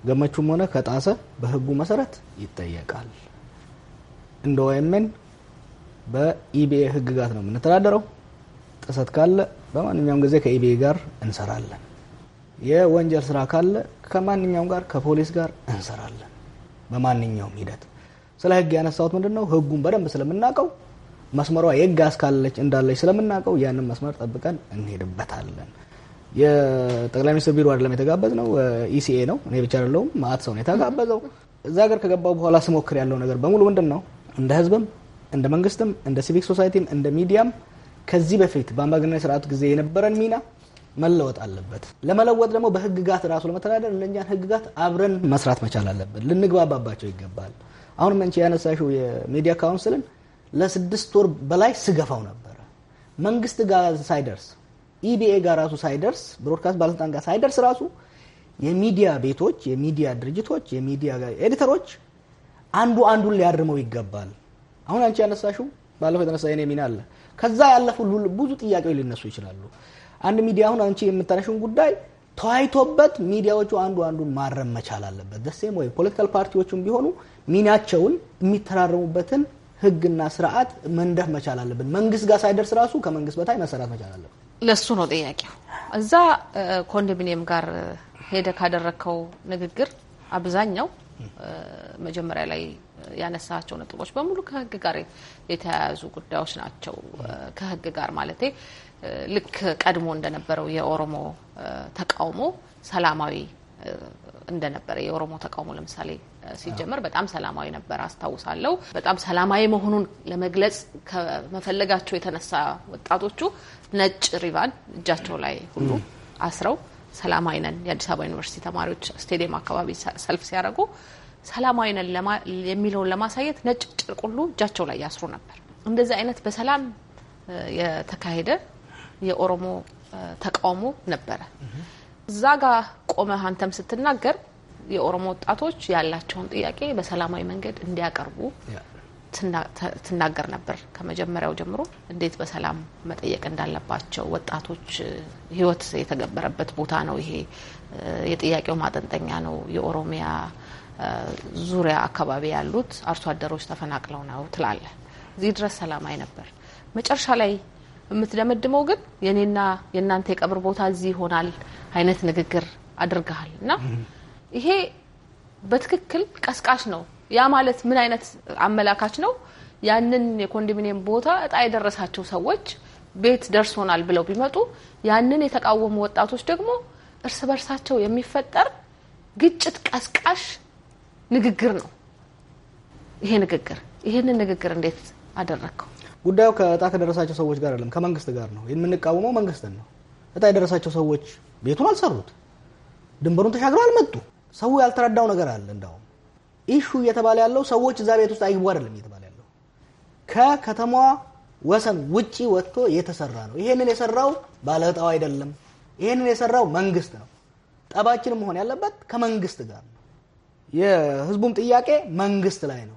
ገመቹም ሆነ ከጣሰ በህጉ መሰረት ይጠየቃል። እንደ ወይምን በኢቢኤ ህግጋት ነው የምንተዳደረው። ጥሰት ካለ በማንኛውም ጊዜ ከኢቢኤ ጋር እንሰራለን። የወንጀል ስራ ካለ ከማንኛውም ጋር ከፖሊስ ጋር እንሰራለን። በማንኛውም ሂደት ስለ ህግ ያነሳሁት ምንድን ነው ህጉን በደንብ ስለምናውቀው መስመሯ የህግ አስካለች እንዳለች ስለምናውቀው ያንን መስመር ጠብቀን እንሄድበታለን። የጠቅላይ ሚኒስትር ቢሮ አይደለም የተጋበዝ ነው፣ ኢሲኤ ነው። እኔ ብቻ አይደለሁም ማአት ሰው ነው የተጋበዘው። እዛ ሀገር ከገባው በኋላ ስሞክር ያለው ነገር በሙሉ ምንድን ነው? እንደ ህዝብም እንደ መንግስትም እንደ ሲቪክ ሶሳይቲም እንደ ሚዲያም ከዚህ በፊት በአምባገነን ስርዓት ጊዜ የነበረን ሚና መለወጥ አለበት። ለመለወጥ ደግሞ በህግጋት ራሱ ለመተዳደር ለእኛን ህግጋት አብረን መስራት መቻል አለብን። ልንግባባባቸው ይገባል። አሁን መንቼ ያነሳሽው የሚዲያ ካውንስልን ለስድስት ወር በላይ ስገፋው ነበረ። መንግስት ጋር ሳይደርስ ኢቢኤ e ጋር ራሱ ሳይደርስ ብሮድካስት ባለስልጣን ጋር ሳይደርስ ራሱ የሚዲያ ቤቶች፣ የሚዲያ ድርጅቶች፣ የሚዲያ ኤዲተሮች አንዱ አንዱን ሊያርመው ይገባል። አሁን አንቺ ያነሳሽው ባለፈው የተነሳ የኔ ሚና አለ። ከዛ ያለፉ ብዙ ጥያቄዎች ሊነሱ ይችላሉ። አንድ ሚዲያ አሁን አንቺ የምታነሽውን ጉዳይ ተዋይቶበት ሚዲያዎቹ አንዱ አንዱን ማረም መቻል አለበት። ደሴም ወይ ፖለቲካል ፓርቲዎቹም ቢሆኑ ሚናቸውን የሚተራረሙበትን ህግና ስርዓት መንደፍ መቻል አለብን። መንግስት ጋር ሳይደርስ ራሱ ከመንግስት በታይ መሰራት መቻል አለብን። ለሱ ነው ጥያቄው። እዛ ኮንዶሚኒየም ጋር ሄደ ካደረግከው ንግግር አብዛኛው መጀመሪያ ላይ ያነሳቸው ነጥቦች በሙሉ ከህግ ጋር የተያያዙ ጉዳዮች ናቸው። ከህግ ጋር ማለቴ ልክ ቀድሞ እንደነበረው የኦሮሞ ተቃውሞ ሰላማዊ እንደነበረ የኦሮሞ ተቃውሞ ለምሳሌ ሲጀመር በጣም ሰላማዊ ነበር አስታውሳለሁ። በጣም ሰላማዊ መሆኑን ለመግለጽ ከመፈለጋቸው የተነሳ ወጣቶቹ ነጭ ሪቫን እጃቸው ላይ ሁሉ አስረው ሰላማዊ ነን የአዲስ አበባ ዩኒቨርሲቲ ተማሪዎች ስቴዲየም አካባቢ ሰልፍ ሲያደርጉ ሰላማዊ ነን የሚለውን ለማሳየት ነጭ ጨርቅ ሁሉ እጃቸው ላይ ያስሩ ነበር። እንደዚህ አይነት በሰላም የተካሄደ የኦሮሞ ተቃውሞ ነበረ። እዛ ጋር ቆመህ አንተም ስትናገር የኦሮሞ ወጣቶች ያላቸውን ጥያቄ በሰላማዊ መንገድ እንዲያቀርቡ ትናገር ነበር። ከመጀመሪያው ጀምሮ እንዴት በሰላም መጠየቅ እንዳለባቸው ወጣቶች ሕይወት የተገበረበት ቦታ ነው ይሄ። የጥያቄው ማጠንጠኛ ነው። የኦሮሚያ ዙሪያ አካባቢ ያሉት አርሶ አደሮች ተፈናቅለው ነው ትላለ። እዚህ ድረስ ሰላማዊ ነበር። መጨረሻ ላይ የምትደመድመው ግን የኔና የእናንተ የቀብር ቦታ እዚህ ይሆናል አይነት ንግግር አድርገሃል እና ይሄ በትክክል ቀስቃሽ ነው። ያ ማለት ምን አይነት አመላካች ነው? ያንን የኮንዶሚኒየም ቦታ እጣ የደረሳቸው ሰዎች ቤት ደርሶናል ብለው ቢመጡ ያንን የተቃወሙ ወጣቶች ደግሞ እርስ በርሳቸው የሚፈጠር ግጭት ቀስቃሽ ንግግር ነው ይሄ ንግግር። ይህንን ንግግር እንዴት አደረግከው? ጉዳዩ ከእጣ ከደረሳቸው ሰዎች ጋር አይደለም፣ ከመንግስት ጋር ነው። የምንቃወመው መንግስትን ነው። እጣ የደረሳቸው ሰዎች ቤቱን አልሰሩት፣ ድንበሩን ተሻግረው አልመጡ። ሰው ያልተረዳው ነገር አለ። እንዳውም ኢሹ እየተባለ ያለው ሰዎች እዛ ቤት ውስጥ አይግቡ አይደለም እየተባለ ያለው ከከተማዋ ወሰን ውጪ ወጥቶ የተሰራ ነው። ይሄንን የሰራው ባለዕጣው አይደለም። ይሄንን የሰራው መንግስት ነው። ጠባችን መሆን ያለበት ከመንግስት ጋር ነው። የህዝቡም ጥያቄ መንግስት ላይ ነው።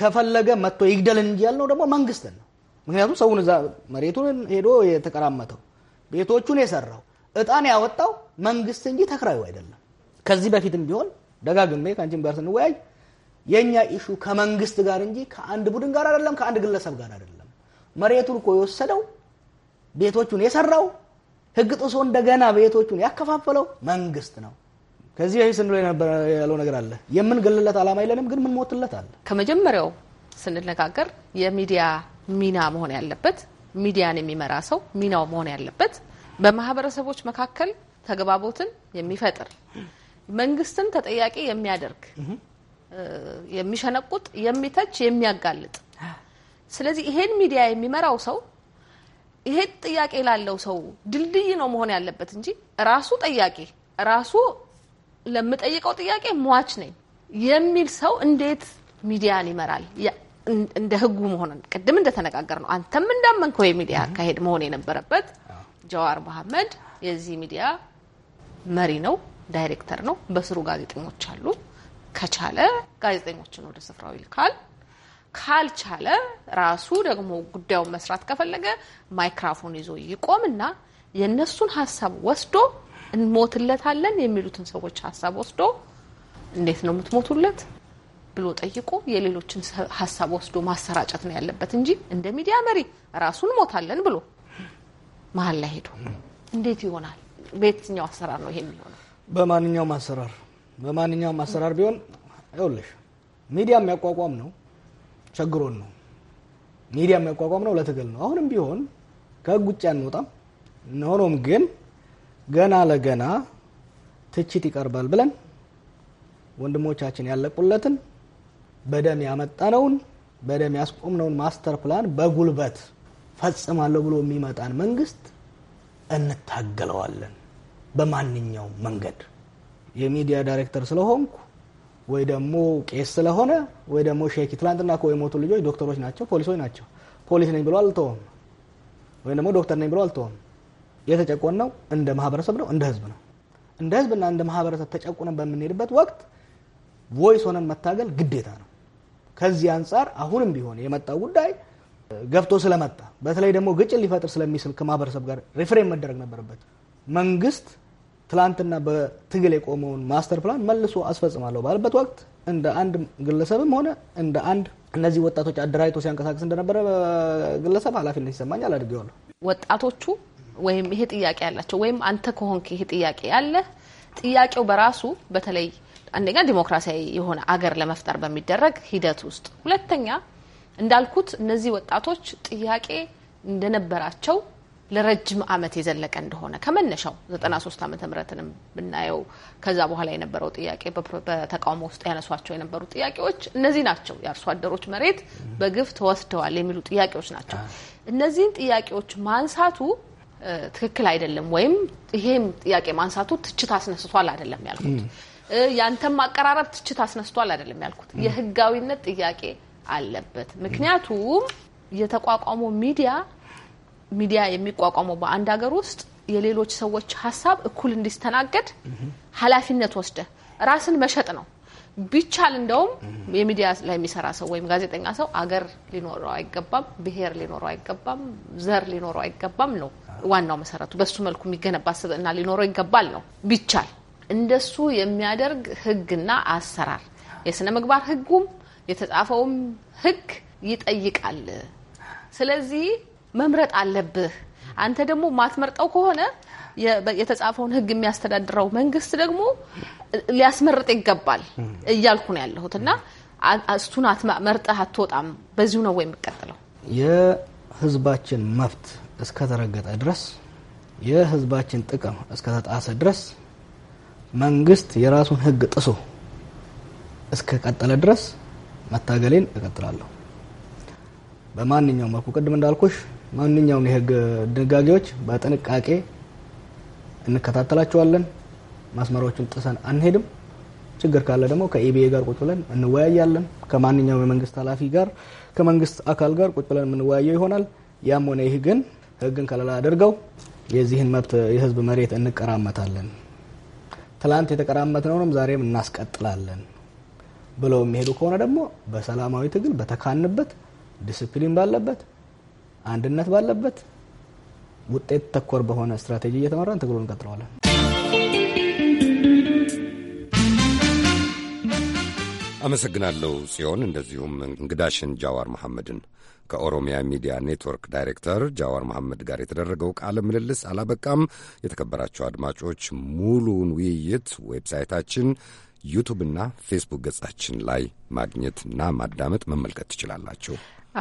ከፈለገ መጥቶ ይግደል እንጂ ያልነው ደግሞ መንግስት ነው። ምክንያቱም ሰውን እዛ መሬቱን ሄዶ የተቀራመተው ቤቶቹን የሰራው እጣን ያወጣው መንግስት እንጂ ተክራዩ አይደለም። ከዚህ በፊትም ቢሆን ደጋግሜ ከአንቺም ጋር ስንወያይ የእኛ ኢሹ ከመንግስት ጋር እንጂ ከአንድ ቡድን ጋር አይደለም፣ ከአንድ ግለሰብ ጋር አይደለም። መሬቱን እኮ የወሰደው ቤቶቹን የሰራው ህግ ጥሶ እንደገና ቤቶቹን ያከፋፈለው መንግስት ነው። ከዚህ በፊት ስንሎ የነበረ ያለው ነገር አለ። የምንገልለት አላማ የለንም፣ ግን ምንሞትለት አለ። ከመጀመሪያው ስንነጋገር የሚዲያ ሚና መሆን ያለበት ሚዲያን የሚመራ ሰው ሚናው መሆን ያለበት በማህበረሰቦች መካከል ተግባቦትን የሚፈጥር መንግስትን ተጠያቂ የሚያደርግ የሚሸነቁጥ፣ የሚተች፣ የሚያጋልጥ ስለዚህ ይሄን ሚዲያ የሚመራው ሰው ይሄን ጥያቄ ላለው ሰው ድልድይ ነው መሆን ያለበት እንጂ ራሱ ጠያቂ ራሱ ለምጠይቀው ጥያቄ ሟች ነኝ የሚል ሰው እንዴት ሚዲያን ይመራል? እንደ ህጉ መሆንን ቅድም እንደተነጋገር ነው አንተም እንዳመንከው የሚዲያ አካሄድ መሆን የነበረበት ጀዋር መሐመድ የዚህ ሚዲያ መሪ ነው። ዳይሬክተር ነው። በስሩ ጋዜጠኞች አሉ። ከቻለ ጋዜጠኞችን ወደ ስፍራው ይልካል። ካልቻለ ራሱ ደግሞ ጉዳዩን መስራት ከፈለገ ማይክራፎን ይዞ ይቆምና የእነሱን ሀሳብ ወስዶ እንሞትለታለን የሚሉትን ሰዎች ሀሳብ ወስዶ እንዴት ነው የምትሞቱለት ብሎ ጠይቆ የሌሎችን ሀሳብ ወስዶ ማሰራጨት ነው ያለበት እንጂ እንደ ሚዲያ መሪ ራሱን ሞታለን ብሎ መሀል ላይ ሄዶ እንዴት ይሆናል? በየትኛው አሰራር ነው ይሄ የሚሆነው? በማንኛውም አሰራር በማንኛውም አሰራር ቢሆን ይኸውልሽ ሚዲያ የሚያቋቋም ነው። ቸግሮን ነው። ሚዲያ የሚያቋቋም ነው። ለትግል ነው። አሁንም ቢሆን ከህግ ውጭ አንወጣም። ሆኖም ግን ገና ለገና ትችት ይቀርባል ብለን ወንድሞቻችን ያለቁለትን በደም ያመጣነውን በደም ያስቆምነውን ማስተር ፕላን በጉልበት ፈጽማለሁ ብሎ የሚመጣን መንግስት እንታገለዋለን። በማንኛውም መንገድ የሚዲያ ዳይሬክተር ስለሆንኩ ወይ ደግሞ ቄስ ስለሆነ ወይ ደግሞ ሼክ ትላንትና እኮ የሞቱ ልጆች ዶክተሮች ናቸው፣ ፖሊሶች ናቸው። ፖሊስ ነኝ ብሎ አልተውም ወይም ደግሞ ዶክተር ነኝ ብሎ አልተውም የተጨቆን ነው እንደ ማህበረሰብ ነው እንደ ህዝብ ነው። እንደ ህዝብና እንደ ማህበረሰብ ተጨቁነን በምንሄድበት ወቅት ቮይስ ሆነን መታገል ግዴታ ነው። ከዚህ አንጻር አሁንም ቢሆን የመጣው ጉዳይ ገብቶ ስለመጣ በተለይ ደግሞ ግጭት ሊፈጥር ስለሚስል ከማህበረሰብ ጋር ሪፍሬም መደረግ ነበረበት መንግስት ትላንትና በትግል የቆመውን ማስተር ፕላን መልሶ አስፈጽማለሁ ባለበት ወቅት እንደ አንድ ግለሰብም ሆነ እንደ አንድ እነዚህ ወጣቶች አደራጅቶ ሲያንቀሳቅስ እንደነበረ ግለሰብ ኃላፊነት ይሰማኛል አድርጌዋለሁ። ወጣቶቹ ወይም ይሄ ጥያቄ ያላቸው ወይም አንተ ከሆንክ ይሄ ጥያቄ ያለ ጥያቄው በራሱ በተለይ አንደኛ ዲሞክራሲያዊ የሆነ አገር ለመፍጠር በሚደረግ ሂደት ውስጥ፣ ሁለተኛ እንዳልኩት እነዚህ ወጣቶች ጥያቄ እንደነበራቸው ለረጅም ዓመት የዘለቀ እንደሆነ ከመነሻው 93 ዓመተ ምህረትንም ብናየው ከዛ በኋላ የነበረው ጥያቄ በተቃውሞ ውስጥ ያነሷቸው የነበሩ ጥያቄዎች እነዚህ ናቸው። የአርሶ አደሮች መሬት በግፍ ተወስደዋል የሚሉ ጥያቄዎች ናቸው። እነዚህን ጥያቄዎች ማንሳቱ ትክክል አይደለም ወይም ይሄም ጥያቄ ማንሳቱ ትችት አስነስቷል አይደለም ያልኩት። ያንተም አቀራረብ ትችት አስነስቷል አይደለም ያልኩት። የህጋዊነት ጥያቄ አለበት። ምክንያቱም የተቋቋመው ሚዲያ ሚዲያ የሚቋቋመው በአንድ ሀገር ውስጥ የሌሎች ሰዎች ሀሳብ እኩል እንዲስተናገድ ኃላፊነት ወስደ ራስን መሸጥ ነው። ቢቻል እንደውም የሚዲያ ላይ የሚሰራ ሰው ወይም ጋዜጠኛ ሰው አገር ሊኖረው አይገባም፣ ብሔር ሊኖረው አይገባም፣ ዘር ሊኖረው አይገባም ነው ዋናው መሰረቱ። በሱ መልኩ የሚገነባ ስብዕና ሊኖረው ይገባል ነው ቢቻል እንደሱ የሚያደርግ ህግና አሰራር የስነ ምግባር ህጉም የተጻፈውም ህግ ይጠይቃል። ስለዚህ መምረጥ አለብህ። አንተ ደግሞ ማትመርጠው ከሆነ የተጻፈውን ህግ የሚያስተዳድረው መንግስት ደግሞ ሊያስመርጥ ይገባል እያልኩ ነው ያለሁት እና እሱን መርጠህ አትወጣም። በዚሁ ነው ወይ የሚቀጥለው? የህዝባችን መብት እስከተረገጠ ድረስ የህዝባችን ጥቅም እስከተጣሰ ድረስ መንግስት የራሱን ህግ ጥሶ እስከቀጠለ ድረስ መታገሌን እቀጥላለሁ በማንኛውም መልኩ ቅድም እንዳልኩሽ ማንኛውም የህግ ድንጋጌዎች በጥንቃቄ እንከታተላቸዋለን። መስመሮችን ጥሰን አንሄድም። ችግር ካለ ደግሞ ከኢቢኤ ጋር ቁጭ ብለን እንወያያለን። ከማንኛውም የመንግስት ኃላፊ ጋር ከመንግስት አካል ጋር ቁጭ ብለን የምንወያየው ይሆናል። ያም ሆነ ይህ ግን ህግን ከለላ አድርገው የዚህን መብት የህዝብ መሬት እንቀራመታለን፣ ትላንት የተቀራመትነውንም ዛሬም እናስቀጥላለን ብለው የሚሄዱ ከሆነ ደግሞ በሰላማዊ ትግል በተካንበት ዲስፕሊን ባለበት አንድነት ባለበት ውጤት ተኮር በሆነ ስትራቴጂ እየተመራን ትግሩን እንቀጥለዋለን። አመሰግናለሁ ጽዮን፣ እንደዚሁም እንግዳሽን ጃዋር መሐመድን። ከኦሮሚያ ሚዲያ ኔትወርክ ዳይሬክተር ጃዋር መሐመድ ጋር የተደረገው ቃለ ምልልስ አላበቃም። የተከበራቸው አድማጮች ሙሉውን ውይይት ዌብሳይታችን ዩቱብና ፌስቡክ ገጻችን ላይ ማግኘትና ማዳመጥ መመልከት ትችላላችሁ።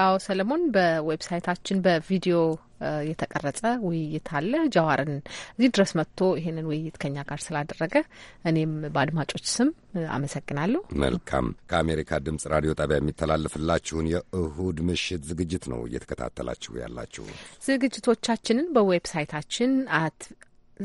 አዎ ሰለሞን፣ በዌብሳይታችን በቪዲዮ የተቀረጸ ውይይት አለ። ጀዋርን እዚህ ድረስ መጥቶ ይህንን ውይይት ከኛ ጋር ስላደረገ እኔም በአድማጮች ስም አመሰግናለሁ። መልካም። ከአሜሪካ ድምጽ ራዲዮ ጣቢያ የሚተላለፍላችሁን የእሁድ ምሽት ዝግጅት ነው እየተከታተላችሁ ያላችሁ። ዝግጅቶቻችንን በዌብሳይታችን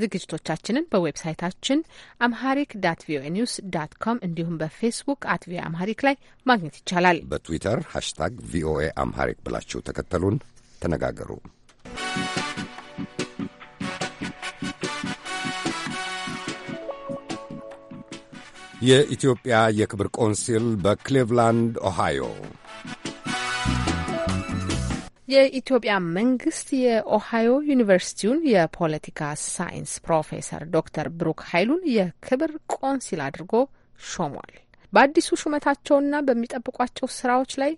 ዝግጅቶቻችንን በዌብሳይታችን አምሃሪክ ዳት ቪኦኤ ኒውስ ዳት ኮም እንዲሁም በፌስቡክ አት ቪኦኤ አምሃሪክ ላይ ማግኘት ይቻላል። በትዊተር ሃሽታግ ቪኦኤ አምሃሪክ ብላችሁ ተከተሉን፣ ተነጋገሩ። የኢትዮጵያ የክብር ቆንሲል በክሊቭላንድ ኦሃዮ የኢትዮጵያ መንግስት የኦሃዮ ዩኒቨርሲቲውን የፖለቲካ ሳይንስ ፕሮፌሰር ዶክተር ብሩክ ኃይሉን የክብር ቆንሲል አድርጎ ሾሟል። በአዲሱ ሹመታቸውና በሚጠብቋቸው ስራዎች ላይ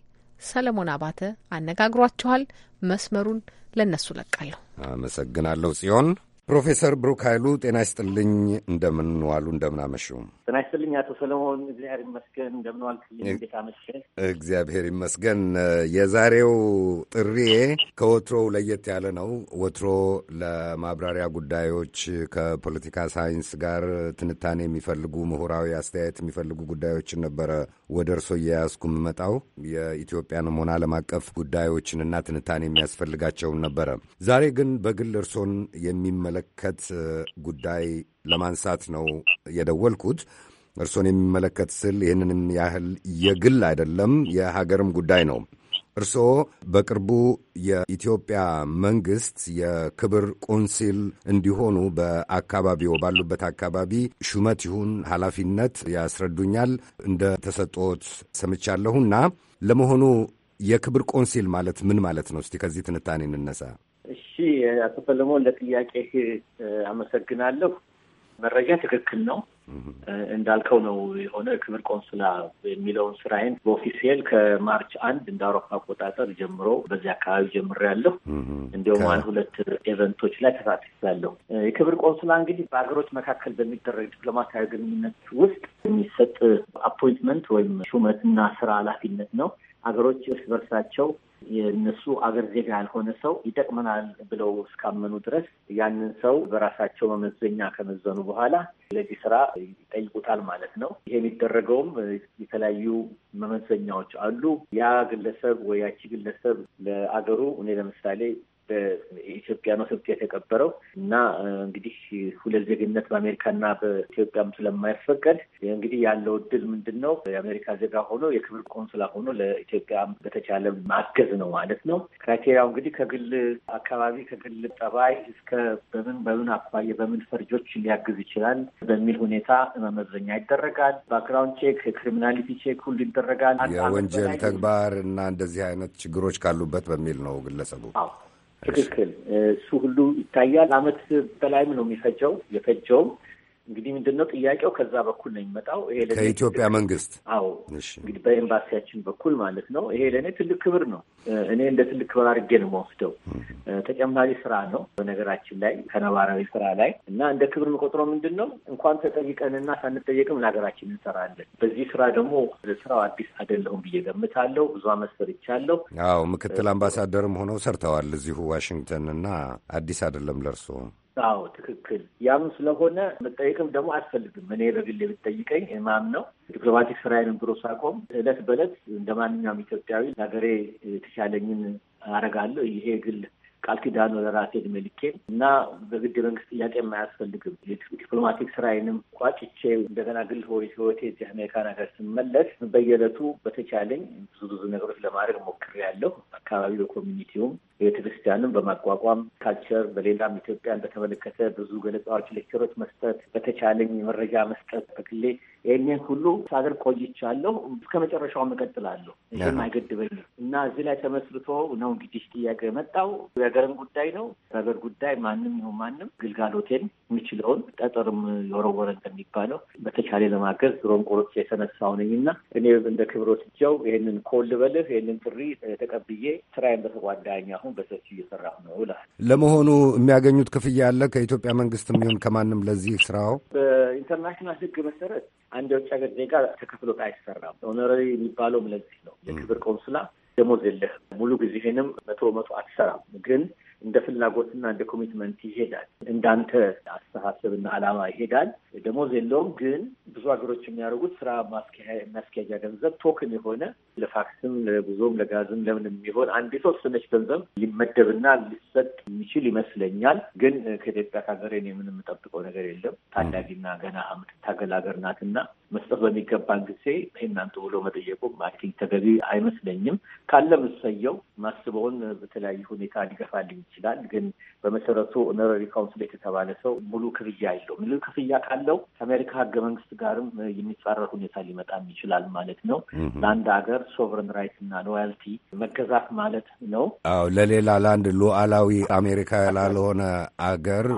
ሰለሞን አባተ አነጋግሯቸዋል መስመሩን ለነሱ ለቃለሁ። አመሰግናለሁ ጽዮን። ፕሮፌሰር ብሩክ ኃይሉ ጤና ይስጥልኝ። እንደምን ዋሉ? እንደምን አመሹ? ጤና ይስጥልኝ አቶ ሰለሞን። እግዚአብሔር ይመስገን። እንደምን ዋልክልኝ? እንዴት እግዚአብሔር ይመስገን። የዛሬው ጥሪዬ ከወትሮው ለየት ያለ ነው። ወትሮ ለማብራሪያ ጉዳዮች ከፖለቲካ ሳይንስ ጋር ትንታኔ የሚፈልጉ ምሁራዊ አስተያየት የሚፈልጉ ጉዳዮችን ነበረ ወደ እርሶ እየያዝኩ የምመጣው የኢትዮጵያንም ሆነ ዓለም አቀፍ ጉዳዮችንና ትንታኔ የሚያስፈልጋቸውን ነበረ። ዛሬ ግን በግል እርሶን የሚመ የሚመለከት ጉዳይ ለማንሳት ነው የደወልኩት። እርሶን የሚመለከት ስል ይህንንም ያህል የግል አይደለም የሀገርም ጉዳይ ነው። እርስዎ በቅርቡ የኢትዮጵያ መንግስት የክብር ቆንሲል እንዲሆኑ በአካባቢው ባሉበት አካባቢ ሹመት ይሁን ኃላፊነት ያስረዱኛል እንደ ተሰጦት ሰምቻለሁና ለመሆኑ የክብር ቆንሲል ማለት ምን ማለት ነው? እስቲ ከዚህ ትንታኔ እንነሳ። እሺ አቶ ሰለሞን ለጥያቄ አመሰግናለሁ። መረጃ ትክክል ነው እንዳልከው ነው የሆነ ክብር ቆንስላ የሚለውን ስራዬን በኦፊሴል ከማርች አንድ እንደ አውሮፓ አቆጣጠር ጀምሮ በዚህ አካባቢ ጀምሬያለሁ። እንዲሁም አንድ ሁለት ኤቨንቶች ላይ ተሳትፌያለሁ። የክብር ቆንስላ እንግዲህ በሀገሮች መካከል በሚደረግ ዲፕሎማሲያዊ ግንኙነት ውስጥ የሚሰጥ አፖይንትመንት ወይም ሹመትና ስራ ኃላፊነት ነው። ሀገሮች እርስ በርሳቸው የእነሱ አገር ዜጋ ያልሆነ ሰው ይጠቅመናል ብለው እስካመኑ ድረስ ያንን ሰው በራሳቸው መመዘኛ ከመዘኑ በኋላ ለዚህ ስራ ይጠይቁታል ማለት ነው። ይሄ የሚደረገውም የተለያዩ መመዘኛዎች አሉ። ያ ግለሰብ ወይ ያቺ ግለሰብ ለአገሩ እኔ ለምሳሌ በኢትዮጵያ ነው ህግ የተቀበረው እና እንግዲህ ሁለት ዜግነት በአሜሪካና በኢትዮጵያም ስለማይፈቀድ እንግዲህ ያለው እድል ምንድን ነው? የአሜሪካ ዜጋ ሆኖ የክብር ቆንስላ ሆኖ ለኢትዮጵያ በተቻለ ማገዝ ነው ማለት ነው። ክራይቴሪያው እንግዲህ ከግል አካባቢ ከግል ጠባይ እስከ በምን በምን አኳየ በምን ፈርጆች ሊያግዝ ይችላል በሚል ሁኔታ መመዘኛ ይደረጋል። ባክግራውንድ ቼክ፣ ክሪሚናሊቲ ቼክ ሁሉ ይደረጋል። የወንጀል ተግባር እና እንደዚህ አይነት ችግሮች ካሉበት በሚል ነው ግለሰቡ ትክክል። እሱ ሁሉ ይታያል። አመት በላይም ነው የሚፈጀው የፈጀውም እንግዲህ ምንድን ነው ጥያቄው ከዛ በኩል ነው የሚመጣው። ይሄ ከኢትዮጵያ መንግስት አዎ፣ እንግዲህ በኤምባሲያችን በኩል ማለት ነው። ይሄ ለእኔ ትልቅ ክብር ነው። እኔ እንደ ትልቅ ክብር አድርጌ ነው የምወስደው። ተጨማሪ ስራ ነው በነገራችን ላይ ከነባራዊ ስራ ላይ እና እንደ ክብር መቆጥሮ ምንድን ነው እንኳን ተጠይቀንና ሳንጠየቅም ለሀገራችን እንሰራለን። በዚህ ስራ ደግሞ ስራው አዲስ አይደለሁም ብዬ ገምታለሁ። ብዙ አመት ሰርቻለሁ። አዎ ምክትል አምባሳደርም ሆነው ሰርተዋል እዚሁ ዋሽንግተን እና አዲስ አይደለም ለእርስዎ አዎ ትክክል። ያም ስለሆነ መጠየቅም ደግሞ አያስፈልግም። እኔ በግሌ ብትጠይቀኝ ማም ነው ዲፕሎማቲክ ስራዬን ብሮ ሳቆም እለት በእለት እንደ ማንኛውም ኢትዮጵያዊ ለሀገሬ የተሻለኝን አረጋለሁ። ይሄ ግል ቃል ኪዳን ለራሴ እድሜ ልኬን እና በግድ መንግስት ጥያቄ አያስፈልግም ዲፕሎማቲክ ስራዬንም ቋጭቼ እንደገና ግል ህይወቴ እዚህ አሜሪካን ሀገር ስመለስ በየዕለቱ በተቻለኝ ብዙ ብዙ ነገሮች ለማድረግ ሞክሬያለሁ። አካባቢ በኮሚኒቲውም ቤተክርስቲያንም በማቋቋም ካልቸር፣ በሌላም ኢትዮጵያን በተመለከተ ብዙ ገለጻዎች፣ ሌክቸሮች መስጠት፣ በተቻለኝ መረጃ መስጠት በግሌ ይህንን ሁሉ ሳገር ቆይቻለሁ። እስከ መጨረሻው እቀጥላለሁ። ይህም እና እዚህ ላይ ተመስርቶ ነው እንግዲህ ጥያቄ የመጣው የሀገርን ጉዳይ ነው። በሀገር ጉዳይ ማንም ይሁን ማንም ግልጋሎቴን የሚችለውን ጠጠርም የወረወረ እንደሚባለው በተቻለ ለማገዝ ድሮን ቆርጬ የተነሳው ነኝ እና እኔ እንደ ክብሮ ወስጄው ይህንን ኮል በልህ ይህንን ጥሪ ተቀብዬ ስራዬን በተጓዳኝ አሁን በሰፊ እየሰራሁ ነው ይላል። ለመሆኑ የሚያገኙት ክፍያ አለ ከኢትዮጵያ መንግስትም ይሁን ከማንም ለዚህ ስራው በኢንተርናሽናል ህግ መሰረት አንድ የውጭ ሀገር ዜጋ ተከፍሎ አይሰራም። ኦነራሪ የሚባለውም ለዚህ ነው። የክብር ቆንስላ ደሞዝ የለህ ሙሉ ጊዜህንም መቶ መቶ አትሰራም፣ ግን እንደ ፍላጎትና እንደ ኮሚትመንት ይሄዳል። እንዳንተ አስተሳሰብና አላማ ይሄዳል። ደሞዝ የለውም፣ ግን ብዙ ሀገሮች የሚያደርጉት ስራ ማስኪያጃ ገንዘብ ቶክን የሆነ ለፋክስም ለጉዞም ለጋዝም ለምን የሚሆን አንድ የተወሰነች ገንዘብ ሊመደብና ሊሰጥ የሚችል ይመስለኛል። ግን ከኢትዮጵያ ከሀገር እኔ ምን የምጠብቀው ነገር የለም። ታዳጊና ገና የምትታገል ሀገር ናትና መስጠት በሚገባን ጊዜ ይህናንተ ብሎ መጠየቁ አይ ተገቢ አይመስለኝም። ካለ ምሰየው ማስበውን በተለያዩ ሁኔታ ሊገፋልኝ ይችላል። ግን በመሰረቱ ኦነራሪ ካውንስል የተባለ ሰው ሙሉ ክፍያ የለውም። ሙሉ ክፍያ ካለው ከአሜሪካ ህገ መንግስት ጋርም የሚጻረር ሁኔታ ሊመጣም ይችላል ማለት ነው ለአንድ ሀገር ሶቨረን ራይት እና ሎያልቲ መገዛት ማለት ነው። አዎ ለሌላ ለአንድ ሉዓላዊ አሜሪካ ላልሆነ አገር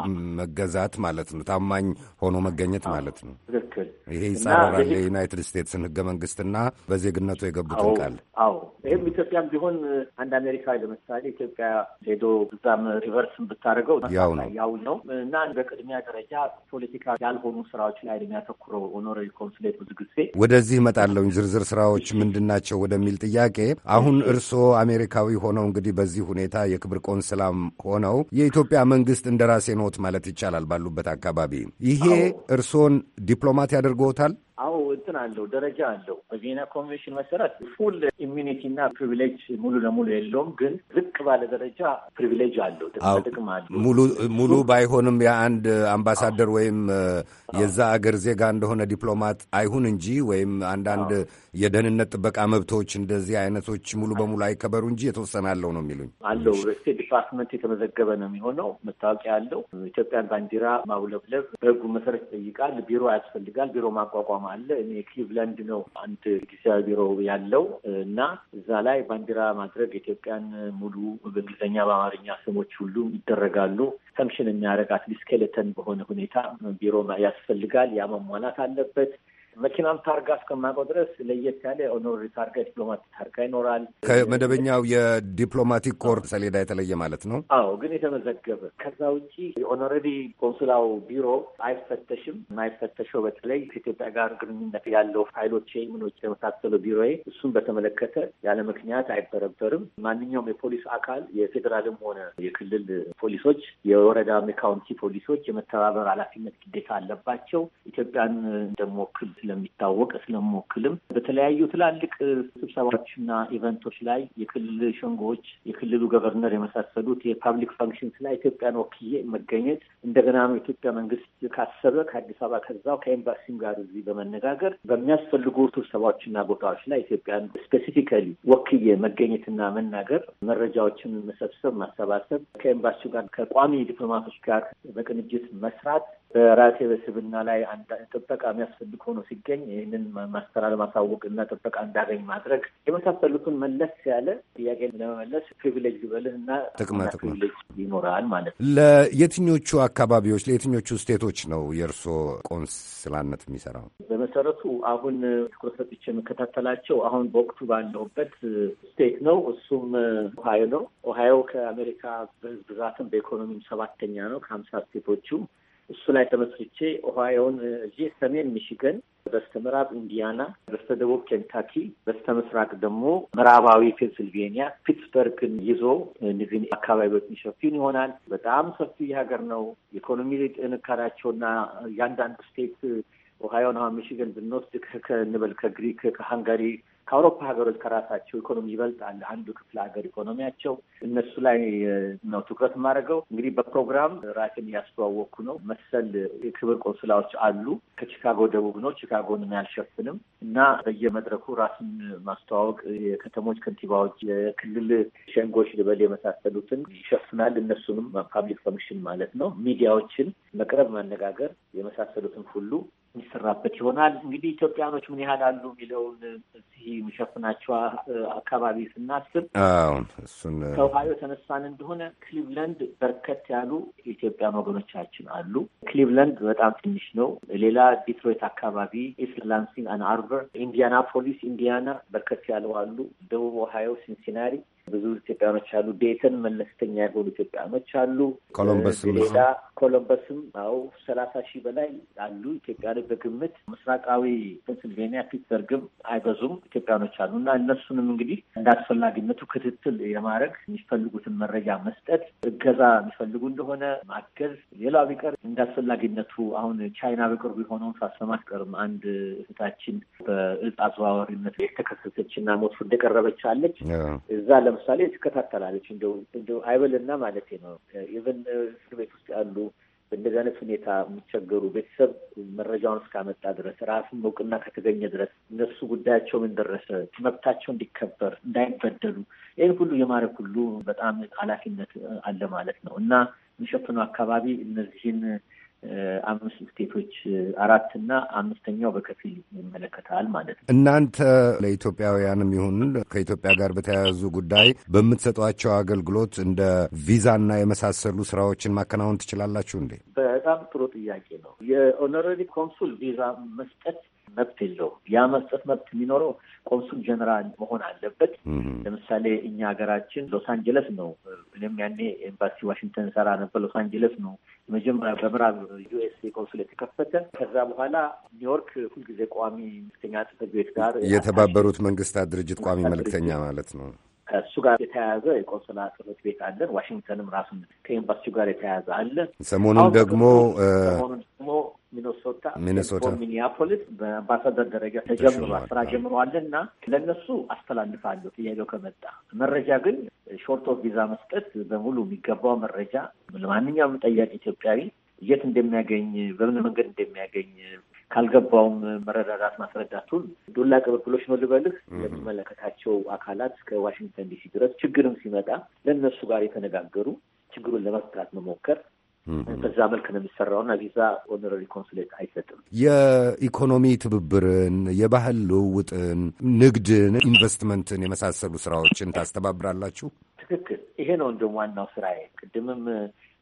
መገዛት ማለት ነው። ታማኝ ሆኖ መገኘት ማለት ነው። ትክክል። ይሄ ይጻረራል የዩናይትድ ስቴትስን ህገ መንግስትና በዜግነቱ የገቡትን ቃል። አዎ ይህም ኢትዮጵያም ቢሆን አንድ አሜሪካዊ ለምሳሌ ኢትዮጵያ ሄዶ እዛም ሪቨርስን ብታደርገው ያው ነው ያው ነው እና በቅድሚያ ደረጃ ፖለቲካ ያልሆኑ ስራዎች ላይ የሚያተኩረው ኦኖሪ ኮንስሌት ብዙ ጊዜ ወደዚህ እመጣለሁኝ። ዝርዝር ስራዎች ምንድን ናቸው? ናቸው ወደሚል ጥያቄ አሁን እርስዎ አሜሪካዊ ሆነው እንግዲህ በዚህ ሁኔታ የክብር ቆንስላም ሆነው የኢትዮጵያ መንግስት እንደ ራሴ ኖት ማለት ይቻላል ባሉበት አካባቢ ይሄ እርስዎን ዲፕሎማት ያደርገዎታል? አዎ እንትን አለው ደረጃ አለው። በቪየና ኮንቬንሽን መሰረት ፉል ኢሚኒቲ እና ፕሪቪሌጅ ሙሉ ለሙሉ የለውም፣ ግን ዝቅ ባለ ደረጃ ፕሪቪሌጅ አለው፣ ጥቅም አለው። ሙሉ ባይሆንም የአንድ አምባሳደር ወይም የዛ አገር ዜጋ እንደሆነ ዲፕሎማት አይሁን እንጂ ወይም አንዳንድ የደህንነት ጥበቃ መብቶች እንደዚህ አይነቶች ሙሉ በሙሉ አይከበሩ እንጂ የተወሰነ አለው ነው የሚሉኝ። አለው ስቴት ዲፓርትመንት የተመዘገበ ነው የሚሆነው። መታወቂያ አለው። ኢትዮጵያን ባንዲራ ማውለብለብ በህጉ መሰረት ይጠይቃል። ቢሮ ያስፈልጋል። ቢሮ ማቋቋም ተቋም አለ። እኔ ክሊቭላንድ ነው አንድ ጊዜያዊ ቢሮ ያለው እና እዛ ላይ ባንዲራ ማድረግ ኢትዮጵያን ሙሉ በእንግሊዝኛ በአማርኛ ስሞች ሁሉ ይደረጋሉ። ፈንክሽን የሚያደርግ አትሊስት ስኬለተን በሆነ ሁኔታ ቢሮ ያስፈልጋል። ያ መሟላት አለበት። መኪናም ታርጋ እስከማውቀው ድረስ ለየት ያለ ኦኖሪ ታርጋ ዲፕሎማቲክ ታርጋ ይኖራል። ከመደበኛው የዲፕሎማቲክ ኮር ሰሌዳ የተለየ ማለት ነው። አዎ፣ ግን የተመዘገበ ከዛ ውጭ የኦኖረሪ ቆንስላው ቢሮ አይፈተሽም። አይፈተሸው በተለይ ከኢትዮጵያ ጋር ግንኙነት ያለው ኃይሎች ምኖች የመሳሰሉ ቢሮዬ እሱን በተመለከተ ያለ ምክንያት አይበረበርም። ማንኛውም የፖሊስ አካል የፌዴራልም ሆነ የክልል ፖሊሶች፣ የወረዳም የካውንቲ ፖሊሶች የመተባበር ኃላፊነት ግዴታ አለባቸው። ኢትዮጵያን ደግሞ ክልል ስለሚታወቅ ስለምወክልም በተለያዩ ትላልቅ ስብሰባዎችና ኢቨንቶች ላይ የክልል ሸንጎዎች፣ የክልሉ ገቨርነር የመሳሰሉት የፓብሊክ ፋንክሽንስ ላይ ኢትዮጵያን ወክዬ መገኘት እንደገና የኢትዮጵያ መንግስት ካሰበ ከአዲስ አበባ ከዛው ከኤምባሲም ጋር እዚህ በመነጋገር በሚያስፈልጉ ስብሰባዎችና ቦታዎች ላይ ኢትዮጵያን ስፔሲፊካሊ ወክዬ መገኘትና መናገር፣ መረጃዎችን መሰብሰብ፣ ማሰባሰብ ከኤምባሲው ጋር ከቋሚ ዲፕሎማቶች ጋር በቅንጅት መስራት በራሴ በስብና ላይ ጥበቃ የሚያስፈልግ ሆኖ ሲገኝ ይህንን ማስተራር ማሳወቅ እና ጥበቃ እንዳገኝ ማድረግ የመሳሰሉትን መለስ ያለ ጥያቄ ለመመለስ ፕሪቪሌጅ ይበልህ እና ጥቅማ ይኖራል ማለት ነው። ለየትኞቹ አካባቢዎች ለየትኞቹ ስቴቶች ነው የእርስዎ ቆንስላነት የሚሰራው? በመሰረቱ አሁን ትኩረት ሰጥቼ የምከታተላቸው አሁን በወቅቱ ባለሁበት ስቴት ነው። እሱም ኦሃዮ ነው። ኦሃዮ ከአሜሪካ በህዝብ ብዛትም በኢኮኖሚም ሰባተኛ ነው ከሀምሳ ስቴቶቹ እሱ ላይ ተመስርቼ ኦሃዮን እዚህ ሰሜን ሚሽገን፣ በስተ ምዕራብ ኢንዲያና፣ በስተ ደቡብ ኬንታኪ፣ በስተ ምስራቅ ደግሞ ምዕራባዊ ፔንስልቬኒያ ፒትስበርግን ይዞ እነዚህን አካባቢዎች የሚሸፍን ይሆናል። በጣም ሰፊ ሀገር ነው። ኢኮኖሚ ጥንካሬያቸውና የአንዳንድ ስቴት ኦሃዮን አሁን ሚሽገን ብንወስድ ከንበል ከግሪክ ከሃንጋሪ ከአውሮፓ ሀገሮች ከራሳቸው ኢኮኖሚ ይበልጣል። አንዱ ክፍለ ሀገር ኢኮኖሚያቸው እነሱ ላይ ነው ትኩረት የማደርገው። እንግዲህ በፕሮግራም ራሴን እያስተዋወቅኩ ነው። መሰል የክብር ቆንስላዎች አሉ። ከቺካጎ ደቡብ ነው። ቺካጎንም አልሸፍንም እና በየመድረኩ ራስን ማስተዋወቅ የከተሞች ከንቲባዎች፣ የክልል ሸንጎች ልበል የመሳሰሉትን ይሸፍናል። እነሱንም ፓብሊክ ፈንክሽን ማለት ነው። ሚዲያዎችን መቅረብ፣ ማነጋገር የመሳሰሉትን ሁሉ የሚሰራበት ይሆናል። እንግዲህ ኢትዮጵያኖች ምን ያህል አሉ የሚለውን እዚህ የሚሸፍናቸው አካባቢ ስናስብ እሱን ከውሃዮ ተነሳን እንደሆነ ክሊቭላንድ በርከት ያሉ የኢትዮጵያን ወገኖቻችን አሉ። ክሊቭላንድ በጣም ትንሽ ነው። ሌላ ዲትሮይት አካባቢ፣ ኢስት ላንሲንግ፣ አን ኢንዲያናፖሊስ፣ ኢንዲያና በርከት ያለው አሉ። ደቡብ ኦሃዮ ሲንሲናሪ ብዙ ኢትዮጵያኖች አሉ። ዴተን መለስተኛ የሆኑ ኢትዮጵያኖች አሉ። ኮሎምበስም ሌላ ኮሎምበስም አዎ ሰላሳ ሺህ በላይ አሉ ኢትዮጵያኖች በግምት ምስራቃዊ ፔንስልቬኒያ ፒትስበርግም አይበዙም ኢትዮጵያኖች አሉ እና እነሱንም እንግዲህ እንደ አስፈላጊነቱ ክትትል የማድረግ የሚፈልጉትን መረጃ መስጠት፣ እገዛ የሚፈልጉ እንደሆነ ማገዝ። ሌላ ቢቀር እንደ አስፈላጊነቱ አሁን ቻይና በቅርቡ የሆነውን ሳሰማ አትቀርም አንድ እህታችን በእጽ አዘዋዋሪነት የተከሰሰች እና ሞት ፍርድ የቀረበች አለች እዛ ለምሳሌ ትከታተላለች እንደው አይበልና ማለት ነው። ኢቨን እስር ቤት ውስጥ ያሉ በእንደዚህ አይነት ሁኔታ የሚቸገሩ ቤተሰብ መረጃውን እስካመጣ ድረስ ራሱን እውቅና ከተገኘ ድረስ እነሱ ጉዳያቸው ምን ደረሰ፣ መብታቸው እንዲከበር እንዳይበደሉ፣ ይህን ሁሉ የማድረግ ሁሉ በጣም ኃላፊነት አለ ማለት ነው እና የሚሸፍነው አካባቢ እነዚህን አምስት ስቴቶች አራት እና አምስተኛው በከፊል ይመለከታል ማለት ነው። እናንተ ለኢትዮጵያውያንም ይሁን ከኢትዮጵያ ጋር በተያያዙ ጉዳይ በምትሰጧቸው አገልግሎት እንደ ቪዛና የመሳሰሉ ስራዎችን ማከናወን ትችላላችሁ እንዴ? በጣም ጥሩ ጥያቄ ነው። የኦኖረሪ ኮንሱል ቪዛ መስጠት መብት የለውም። ያ መስጠት መብት የሚኖረው ቆንሱል ጀነራል መሆን አለበት። ለምሳሌ እኛ ሀገራችን ሎስ አንጀለስ ነው። እኔም ያኔ ኤምባሲ ዋሽንግተን ሰራ ነበር። ሎስ አንጀለስ ነው መጀመሪያ በምዕራብ ዩኤስኤ ቆንሱል የተከፈተ። ከዛ በኋላ ኒውዮርክ ሁልጊዜ ቋሚ መልክተኛ ጽሕፈት ቤት ጋር የተባበሩት መንግስታት ድርጅት ቋሚ መልክተኛ ማለት ነው ከእሱ ጋር የተያያዘ የቆንስላ ጽሕፈት ቤት አለን። ዋሽንግተንም ራሱ ከኤምባሲው ጋር የተያያዘ አለ። ሰሞኑን ደግሞ ሰሞኑን ደግሞ ሚኒሶታ፣ ሚኒሶታ፣ ሚኒያፖሊስ በአምባሳደር ደረጃ ተጀምሯል፣ ስራ እና ለእነሱ አስተላልፋለሁ ጥያቄው ከመጣ መረጃ ግን ሾርት ኦፍ ቪዛ መስጠት በሙሉ የሚገባው መረጃ ለማንኛውም ጠያቂ ኢትዮጵያዊ የት እንደሚያገኝ በምን መንገድ እንደሚያገኝ ካልገባውም መረዳዳት ማስረዳቱን ዱላ ቅብብሎች ነው ልበልህ። ለሚመለከታቸው አካላት ከዋሽንግተን ዲሲ ድረስ ችግርም ሲመጣ ለእነሱ ጋር የተነጋገሩ ችግሩን ለመፍታት መሞከር በዛ መልክ ነው የሚሰራውና ቪዛ ኦነራሪ ኮንሱሌት አይሰጥም። የኢኮኖሚ ትብብርን፣ የባህል ልውውጥን፣ ንግድን፣ ኢንቨስትመንትን የመሳሰሉ ስራዎችን ታስተባብራላችሁ። ትክክል። ይሄ ነው እንደውም ዋናው ስራዬ። ቅድምም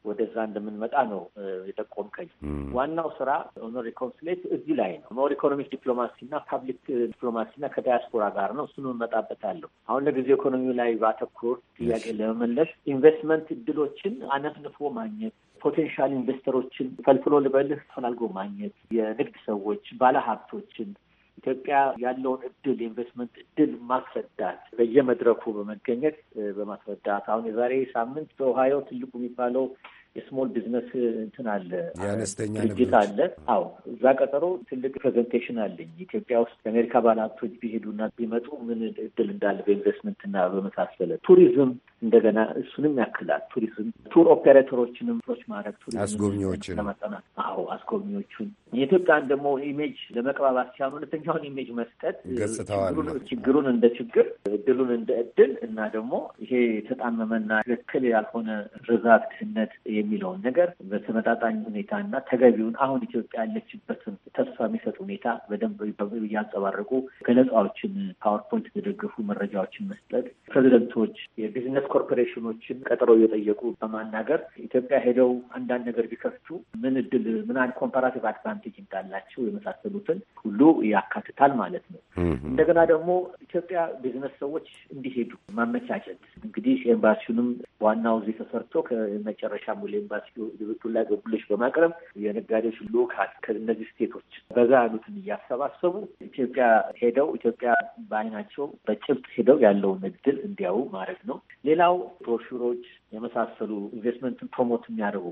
ወደዛ እንደምንመጣ ነው የጠቆምከኝ። ዋናው ስራ ኦነሪ ኮንስሌት እዚህ ላይ ነው ሞር ኢኮኖሚክ ዲፕሎማሲና ፓብሊክ ዲፕሎማሲና ከዳያስፖራ ጋር ነው። እሱን እንመጣበታለሁ። አሁን ለጊዜው ኢኮኖሚው ላይ ባተኮር ጥያቄ ለመመለስ ኢንቨስትመንት እድሎችን አነፍንፎ ማግኘት ፖቴንሻል ኢንቨስተሮችን ፈልፍሎ ልበልህ ፈላልጎ ማግኘት የንግድ ሰዎች ባለሀብቶችን ኢትዮጵያ ያለውን እድል የኢንቨስትመንት እድል ማስረዳት በየመድረኩ በመገኘት በማስረዳት አሁን የዛሬ ሳምንት በኦሃዮ ትልቁ የሚባለው የስሞል ቢዝነስ እንትን አለ የአነስተኛ ድርጅት አለ። አዎ እዛ ቀጠሮ ትልቅ ፕሬዘንቴሽን አለኝ። ኢትዮጵያ ውስጥ የአሜሪካ ባለሀብቶች ቢሄዱና ቢመጡ ምን እድል እንዳለ በኢንቨስትመንትና በመሳሰለ ቱሪዝም እንደገና እሱንም ያክላል። ቱሪዝም ቱር ኦፔሬተሮችንም ሮች ማድረግ ቱሪዝም አስጎብኚዎችን ለመጠናት አዎ፣ አስጎብኚዎቹን የኢትዮጵያን ደግሞ ኢሜጅ ለመቅባባት ሲሆን ሁለተኛውን ኢሜጅ መስጠት ገጽታዋል ችግሩን እንደ ችግር እድሉን እንደ እድል እና ደግሞ ይሄ የተጣመመና ትክክል ያልሆነ ርዛት ርዛትነት የሚለውን ነገር በተመጣጣኝ ሁኔታ እና ተገቢውን አሁን ኢትዮጵያ ያለችበትን ተስፋ የሚሰጥ ሁኔታ በደንብ እያንጸባረቁ ገለጻዎችን ፓወርፖይንት የተደገፉ መረጃዎችን መስጠት ፕሬዚደንቶች የቢዝነስ ኮርፖሬሽኖችን ቀጠሮ እየጠየቁ በማናገር ኢትዮጵያ ሄደው አንዳንድ ነገር ቢከፍቱ ምን እድል ምን አይነት ኮምፓራቲቭ አድቫንቴጅ እንዳላቸው የመሳሰሉትን ሁሉ ያካትታል ማለት ነው። እንደገና ደግሞ ኢትዮጵያ ቢዝነስ ሰዎች እንዲሄዱ ማመቻቸት እንግዲህ ኤምባሲውንም ዋናው እዚህ ተሰርቶ ከመጨረሻ ሙሉ ኤምባሲ ላ ገቡሎች በማቅረብ የነጋዴዎች ልኡካን ከእነዚህ ስቴቶች በዛ ያሉትን እያሰባሰቡ ኢትዮጵያ ሄደው ኢትዮጵያ በአይናቸው በጭብጥ ሄደው ያለውን እድል እንዲያዩ ማድረግ ነው። ሌላ ሌላው ብሮሹሮች የመሳሰሉ ኢንቨስትመንትን ፕሮሞት የሚያደርጉ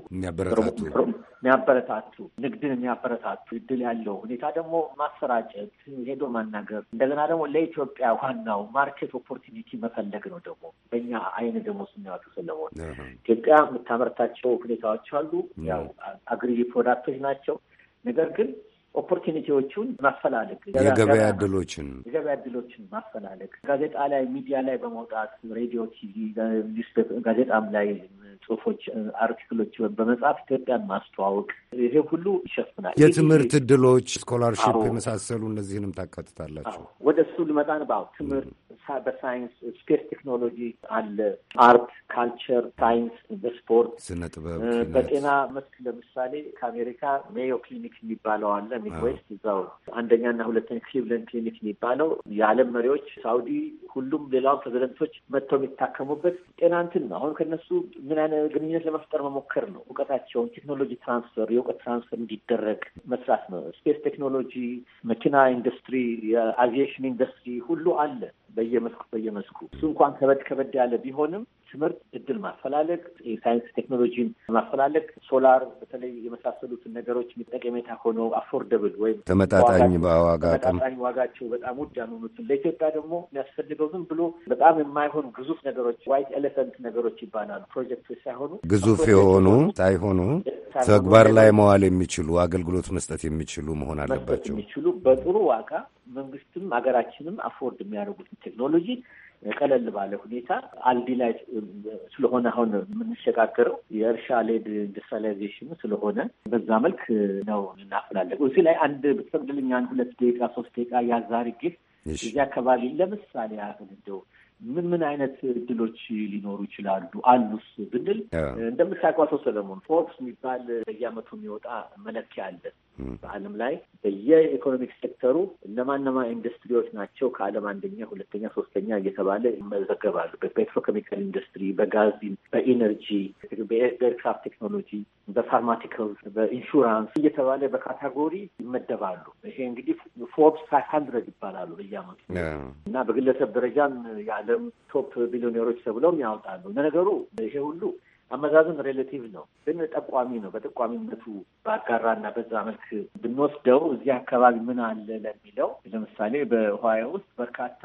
የሚያበረታቱ ንግድን የሚያበረታቱ እድል ያለው ሁኔታ ደግሞ ማሰራጨት፣ ሄዶ ማናገር እንደገና ደግሞ ለኢትዮጵያ ዋናው ማርኬት ኦፖርቹኒቲ መፈለግ ነው። ደግሞ በእኛ አይን ደግሞ ስናያቸው ስለሆነ ኢትዮጵያ የምታመርታቸው ሁኔታዎች አሉ። ያው አግሪ ፕሮዳክቶች ናቸው። ነገር ግን ኦፖርቹኒቲዎቹን ማፈላለግ፣ የገበያ እድሎችን የገበያ እድሎችን ማፈላለግ፣ ጋዜጣ ላይ ሚዲያ ላይ በመውጣት ሬዲዮ፣ ቲቪ፣ ጋዜጣም ላይ ጽሁፎች፣ አርቲክሎች በመጽሐፍ ኢትዮጵያን ማስተዋወቅ ይሄ ሁሉ ይሸፍናል። የትምህርት እድሎች፣ ስኮላርሺፕ የመሳሰሉ እነዚህንም ታካትታላቸው። ወደ እሱ ልመጣ ነው። ትምህርት በሳይንስ ስፔስ ቴክኖሎጂ አለ፣ አርት፣ ካልቸር፣ ሳይንስ፣ በስፖርት፣ ስነ ጥበብ፣ በጤና መስክ ለምሳሌ ከአሜሪካ ሜዮ ክሊኒክ የሚባለው አለ ክሊኒክ ዌስት እዛው አንደኛና ሁለተኛ ክሊቭለንድ ክሊኒክ የሚባለው የዓለም መሪዎች ሳውዲ፣ ሁሉም ሌላውን ፕሬዚደንቶች መጥተው የሚታከሙበት ጤና እንትን ነው። አሁን ከነሱ ምን አይነት ግንኙነት ለመፍጠር መሞከር ነው። እውቀታቸውን ቴክኖሎጂ ትራንስፈር፣ የእውቀት ትራንስፈር እንዲደረግ መስራት ነው። ስፔስ ቴክኖሎጂ፣ መኪና ኢንዱስትሪ፣ የአቪዬሽን ኢንዱስትሪ ሁሉ አለ በየመስኩ በየመስኩ እሱ እንኳን ከበድ ከበድ ያለ ቢሆንም ትምህርት እድል ማፈላለግ፣ የሳይንስ ቴክኖሎጂን ማፈላለግ፣ ሶላር በተለይ የመሳሰሉትን ነገሮች ጠቀሜታ ሆኖ አፎርደብል ወይም ተመጣጣኝ በዋጋ ተመጣጣኝ ዋጋቸው በጣም ውድ ያልሆኑትን ለኢትዮጵያ ደግሞ የሚያስፈልገው ዝም ብሎ በጣም የማይሆኑ ግዙፍ ነገሮች ዋይት ኤሌፈንት ነገሮች ይባላሉ። ፕሮጀክቶች ሳይሆኑ ግዙፍ የሆኑ ሳይሆኑ ተግባር ላይ መዋል የሚችሉ አገልግሎት መስጠት የሚችሉ መሆን አለባቸው የሚችሉ በጥሩ ዋጋ መንግስትም ሀገራችንም አፎርድ የሚያደርጉትን ቴክኖሎጂ ቀለል ባለ ሁኔታ አልዲ ላይ ስለሆነ አሁን የምንሸጋገረው የእርሻ ሌድ ኢንዱስትሪላይዜሽኑ ስለሆነ በዛ መልክ ነው እናፈላለገው። እዚህ ላይ አንድ ብትፈቅድልኝ አንድ ሁለት ደቂቃ ሶስት ደቂቃ ያዛር ጊፍ እዚህ አካባቢ ለምሳሌ ያህል እንደው ምን ምን አይነት እድሎች ሊኖሩ ይችላሉ አሉስ ብንል እንደምታውቀው አቶ ሰለሞን ፎርብስ የሚባል በየአመቱ የሚወጣ መለኪያ አለን በዓለም ላይ በየኢኮኖሚክ ሴክተሩ እነማነማ ኢንዱስትሪዎች ናቸው ከዓለም አንደኛ፣ ሁለተኛ፣ ሶስተኛ እየተባለ ይመዘገባሉ። በፔትሮኬሚካል ኢንዱስትሪ፣ በጋዝ፣ በኢነርጂ፣ በኤርክራፍት ቴክኖሎጂ፣ በፋርማቲካል፣ በኢንሹራንስ እየተባለ በካታጎሪ ይመደባሉ። ይሄ እንግዲህ ፎርብስ ፋይቭ ሀንድረድ ይባላሉ በየአመቱ እና በግለሰብ ደረጃም የዓለም ቶፕ ቢሊዮኔሮች ተብለውም ያወጣሉ። ነገሩ ይሄ ሁሉ አመዛዝን ሬሌቲቭ ነው፣ ግን ጠቋሚ ነው። በጠቋሚነቱ በአጋራና በዛ መልክ ብንወስደው እዚህ አካባቢ ምን አለ ለሚለው ለምሳሌ በኦሃዮ ውስጥ በርካታ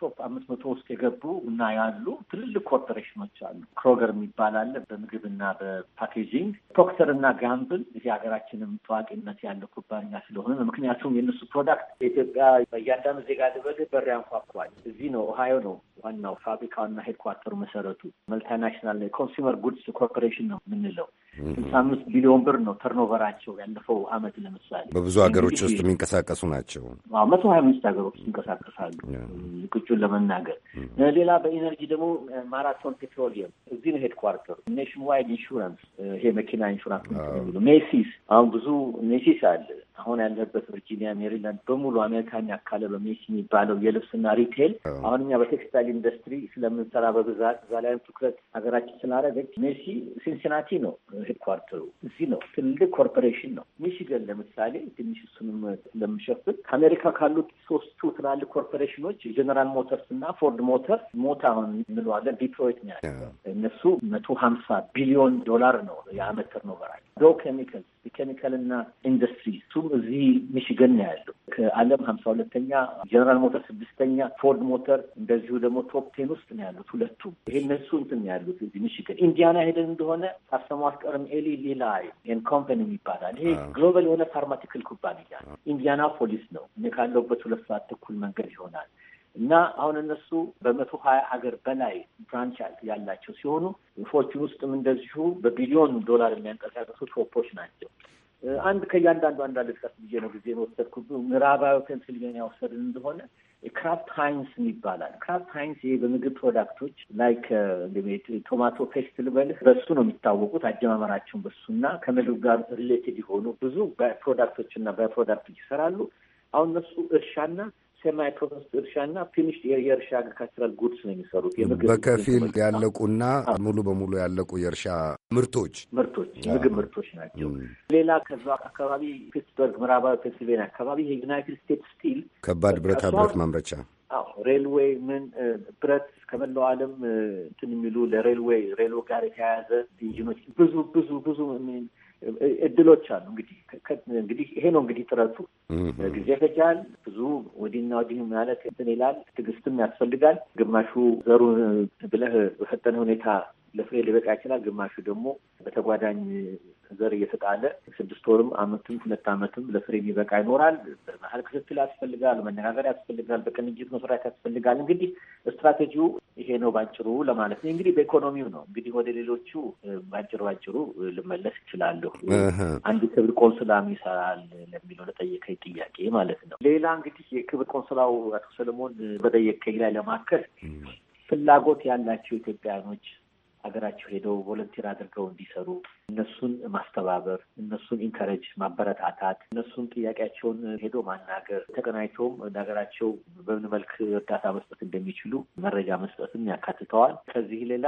ቶፕ አምስት መቶ ውስጥ የገቡ እና ያሉ ትልልቅ ኮርፖሬሽኖች አሉ። ክሮገር የሚባል አለ በምግብና በፓኬጂንግ። ፕሮክተር እና ጋምብል እዚህ ሀገራችንም ታዋቂነት ያለው ኩባንያ ስለሆነ ምክንያቱም የእነሱ ፕሮዳክት በኢትዮጵያ በእያንዳንዱ ዜጋ ድረስ በር ያንኳኳል። እዚህ ነው ኦሃዮ ነው ዋናው ፋብሪካውና ሄድኳርተሩ መሰረቱ። መልታናሽናል ኮንሱመር ጉድስ ኮርፖሬሽን ነው የምንለው ስልሳ አምስት ቢሊዮን ብር ነው ተርኖቨራቸው ያለፈው አመት ለምሳሌ በብዙ ሀገሮች ውስጥ የሚንቀሳቀሱ ናቸው። መቶ ሀያ አምስት ሀገሮች ይንቀሳቀሳሉ። ቅጩን ለመናገር ሌላ በኢነርጂ ደግሞ ማራቶን ፔትሮሊየም እዚህ ነው ሄድኳርተሩ። ኔሽን ዋይድ ኢንሹራንስ ይሄ መኪና ኢንሹራንስ ሚሉ ሜሲስ፣ አሁን ብዙ ሜሲስ አለ። አሁን ያለበት ቨርጂኒያ፣ ሜሪላንድ በሙሉ አሜሪካን ያካለ በሜሲ የሚባለው የልብስና ሪቴል አሁን እኛ በቴክስታይል ኢንዱስትሪ ስለምንሰራ በብዛት እዛ ላይም ትኩረት ሀገራችን ስላደረገች ሜሲ ሲንሲናቲ ነው ሄድኳርተሩ እዚህ ነው። ትልቅ ኮርፖሬሽን ነው። ሚሽገን ለምሳሌ ትንሽ እሱንም ለምሸፍን ከአሜሪካ ካሉት ሶስቱ ትላልቅ ኮርፖሬሽኖች ጀነራል ሞተርስ እና ፎርድ ሞተርስ ሞታ እንለዋለን ዲትሮይት ነው ያለው። እነሱ መቶ ሀምሳ ቢሊዮን ዶላር ነው የአመት ተርኖቨራቸው ዶ ኬሚካልስ የኬሚካልና ኢንዱስትሪ እሱም እዚህ ሚሽገን ነው ያለው። ከዓለም ሀምሳ ሁለተኛ ጀነራል ሞተር ስድስተኛ ፎርድ ሞተር እንደዚሁ ደግሞ ቶፕ ቴን ውስጥ ነው ያሉት ሁለቱም። ይሄ እነሱ እንትን ያሉት እዚህ ሚሽገን። ኢንዲያና ሄደን እንደሆነ ሳሰሙ ቀርም ኤሊ ሊላይ ኤን ኮምፓኒ ይባላል። ይሄ ግሎባል የሆነ ፋርማቲክል ኩባንያ ኢንዲያና ፖሊስ ነው። እኔ ካለሁበት ሁለት ሰዓት ተኩል መንገድ ይሆናል። እና አሁን እነሱ በመቶ ሀያ ሀገር በላይ ብራንቻል ያላቸው ሲሆኑ ፎርቹን ውስጥም እንደዚሁ በቢሊዮን ዶላር የሚያንቀሳቀሱ ሾፖች ናቸው። አንድ ከእያንዳንዱ አንዳንድ ልጥቀስ ብዬ ነው ጊዜ ወሰድኩ። ምዕራባዊ ፔንስልቬኒያ ወሰድን እንደሆነ ክራፍት ሃይንስ ይባላል። ክራፍት ሃይንስ ይሄ በምግብ ፕሮዳክቶች ላይክ ቶማቶ ፔስት ልበልህ፣ በሱ ነው የሚታወቁት። አጀማመራቸውን በሱ እና ከምግብ ጋር ሪሌትድ የሆኑ ብዙ ፕሮዳክቶች እና በፕሮዳክቶች ይሰራሉ። አሁን እነሱ እርሻና ሴማይ ፕሮሰስ እርሻና ፊኒሽ የእርሻ አግሪካልቸራል ጉድስ ነው የሚሰሩት። በከፊል ያለቁና ሙሉ በሙሉ ያለቁ የእርሻ ምርቶች ምርቶች ምግብ ምርቶች ናቸው። ሌላ ከዛ አካባቢ ፒትስበርግ፣ ምዕራባዊ ፔንስልቬንያ አካባቢ የዩናይትድ ስቴትስ ስቲል ከባድ ብረታ ብረት ማምረቻ ሬልዌይ ምን ብረት ከመላው ዓለም እንትን የሚሉ ለሬልዌይ ሬልዌይ ጋር የተያያዘ ኢንጂኖች ብዙ ብዙ ብዙ እድሎች አሉ። እንግዲህ እንግዲህ ይሄ ነው እንግዲህ ጥረቱ። ጊዜ ፈጃል። ብዙ ወዲና ወዲህ ማለት እንትን ይላል። ትዕግስትም ያስፈልጋል። ግማሹ ዘሩን ብለህ በፈጠነ ሁኔታ ለፍሬ ሊበቃ ይችላል። ግማሹ ደግሞ በተጓዳኝ ዘር እየተጣለ ስድስት ወርም አመትም ሁለት አመትም ለፍሬ የሚበቃ ይኖራል። በመሀል ክትትል ያስፈልጋል፣ መነጋገር ያስፈልጋል፣ በቅንጅት መስራት ያስፈልጋል። እንግዲህ ስትራቴጂው ይሄ ነው ባጭሩ ለማለት ነው። እንግዲህ በኢኮኖሚው ነው እንግዲህ ወደ ሌሎቹ ባጭሩ ባጭሩ ልመለስ ይችላለሁ። አንድ ክብር ቆንስላም ይሰራል ለሚለው ለጠየቀኝ ጥያቄ ማለት ነው። ሌላ እንግዲህ የክብር ቆንስላው አቶ ሰለሞን በጠየቀኝ ላይ ለማከል ፍላጎት ያላቸው ኢትዮጵያኖች ሀገራቸው ሄደው ቮለንቲር አድርገው እንዲሰሩ እነሱን ማስተባበር፣ እነሱን ኢንከረጅ ማበረታታት፣ እነሱን ጥያቄያቸውን ሄዶ ማናገር፣ ተቀናይቶም ለሀገራቸው በምን መልክ እርዳታ መስጠት እንደሚችሉ መረጃ መስጠትም ያካትተዋል። ከዚህ ሌላ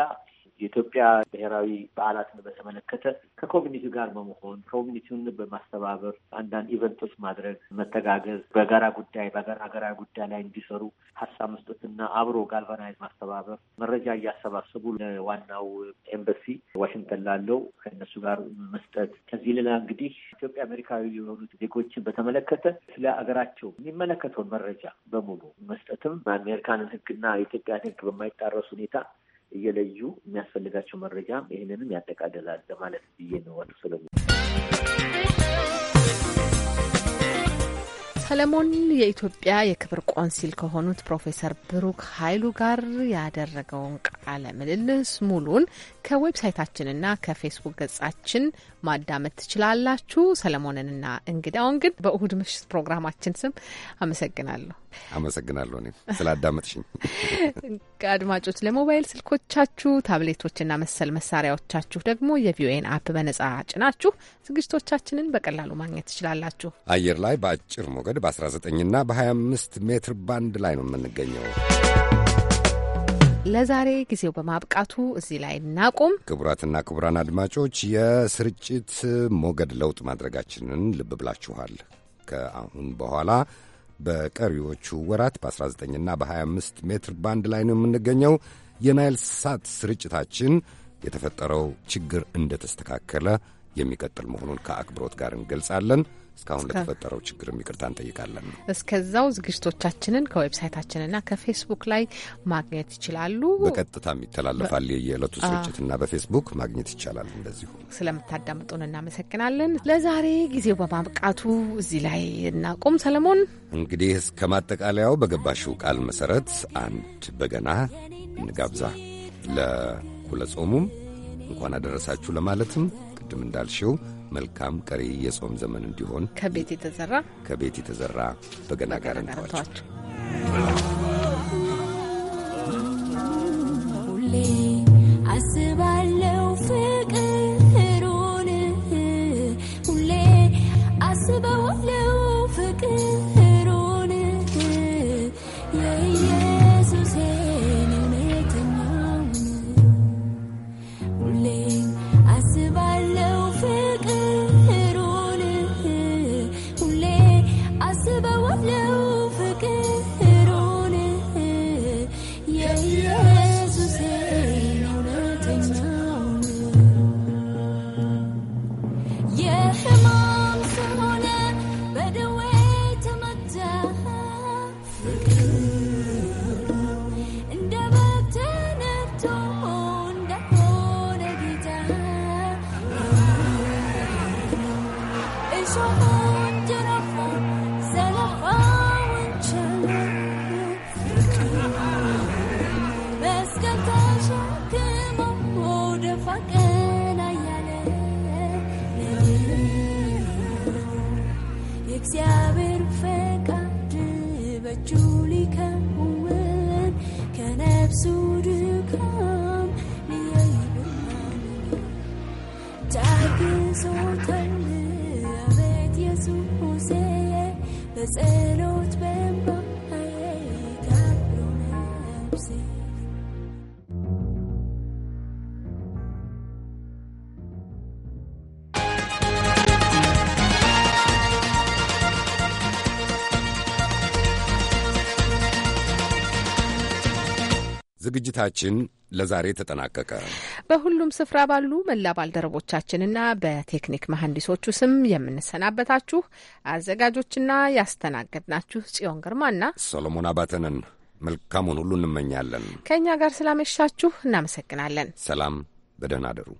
የኢትዮጵያ ብሔራዊ በዓላትን በተመለከተ ከኮሚኒቲው ጋር በመሆን ኮሚኒቲውን በማስተባበር አንዳንድ ኢቨንቶች ማድረግ፣ መተጋገዝ፣ በጋራ ጉዳይ ሀገራዊ ጉዳይ ላይ እንዲሰሩ ሀሳብ መስጠትና አብሮ ጋልቫናይዝ ማስተባበር፣ መረጃ እያሰባሰቡ ለዋናው ኤምበሲ ዋሽንግተን ላለው ከእነሱ ጋር መስጠት። ከዚህ ሌላ እንግዲህ ኢትዮጵያ አሜሪካዊ የሆኑት ዜጎችን በተመለከተ ስለ ሀገራቸው የሚመለከተውን መረጃ በሙሉ መስጠትም አሜሪካንን ሕግና የኢትዮጵያን ሕግ በማይጣረስ ሁኔታ እየለዩ የሚያስፈልጋቸው መረጃ ይህንንም ያጠቃደላል ለማለት ብዬ ነው። አቶ ሰለሞን ሰለሞን የኢትዮጵያ የክብር ቆንሲል ከሆኑት ፕሮፌሰር ብሩክ ኃይሉ ጋር ያደረገውን ቃለ ምልልስ ሙሉን ከዌብሳይታችንና ከፌስቡክ ገጻችን ማዳመጥ ትችላላችሁ። ሰለሞንንና እንግዳውን ግን በእሁድ ምሽት ፕሮግራማችን ስም አመሰግናለሁ። አመሰግናለሁ እኔም ስላዳመጥሽኝ። አድማጮች ለሞባይል ስልኮቻችሁ ታብሌቶችና መሰል መሳሪያዎቻችሁ ደግሞ የቪኦኤን አፕ በነጻ ጭናችሁ ዝግጅቶቻችንን በቀላሉ ማግኘት ትችላላችሁ። አየር ላይ በአጭር ሞገድ በ19ና በ25 ሜትር ባንድ ላይ ነው የምንገኘው። ለዛሬ ጊዜው በማብቃቱ እዚህ ላይ እናቁም። ክቡራትና ክቡራን አድማጮች የስርጭት ሞገድ ለውጥ ማድረጋችንን ልብ ብላችኋል። ከአሁን በኋላ በቀሪዎቹ ወራት በ19ና በ25 ሜትር ባንድ ላይ ነው የምንገኘው። የናይል ሳት ስርጭታችን የተፈጠረው ችግር እንደተስተካከለ የሚቀጥል መሆኑን ከአክብሮት ጋር እንገልጻለን። እስካሁን ለተፈጠረው ችግርም ይቅርታ እንጠይቃለን። እስከዛው ዝግጅቶቻችንን ከዌብሳይታችንና ከፌስቡክ ላይ ማግኘት ይችላሉ። በቀጥታም ይተላለፋል የየዕለቱ ስርጭትና በፌስቡክ ማግኘት ይቻላል። እንደዚሁ ስለምታዳምጡን እናመሰግናለን። ለዛሬ ጊዜው በማብቃቱ እዚህ ላይ እናቁም። ሰለሞን እንግዲህ እስከ ማጠቃለያው በገባሽው ቃል መሰረት አንድ በገና እንጋብዛ ለኩለጾሙም እንኳን አደረሳችሁ ለማለትም ቅድም እንዳልሽው መልካም ቀሪ የጾም ዘመን እንዲሆን ከቤት የተዘራ ከቤት የተዘራ በገና ጋር እንተዋቸው። ፍቅሩን ሁሌ አስበዋለው ፍቅር ዝግጅታችን ለዛሬ ተጠናቀቀ። በሁሉም ስፍራ ባሉ መላ ባልደረቦቻችንና በቴክኒክ መሐንዲሶቹ ስም የምንሰናበታችሁ አዘጋጆችና ያስተናገድናችሁ ጽዮን ግርማና ሶሎሞን አባተንን መልካሙን ሁሉ እንመኛለን። ከእኛ ጋር ስላመሻችሁ እናመሰግናለን። ሰላም፣ በደህና አደሩ።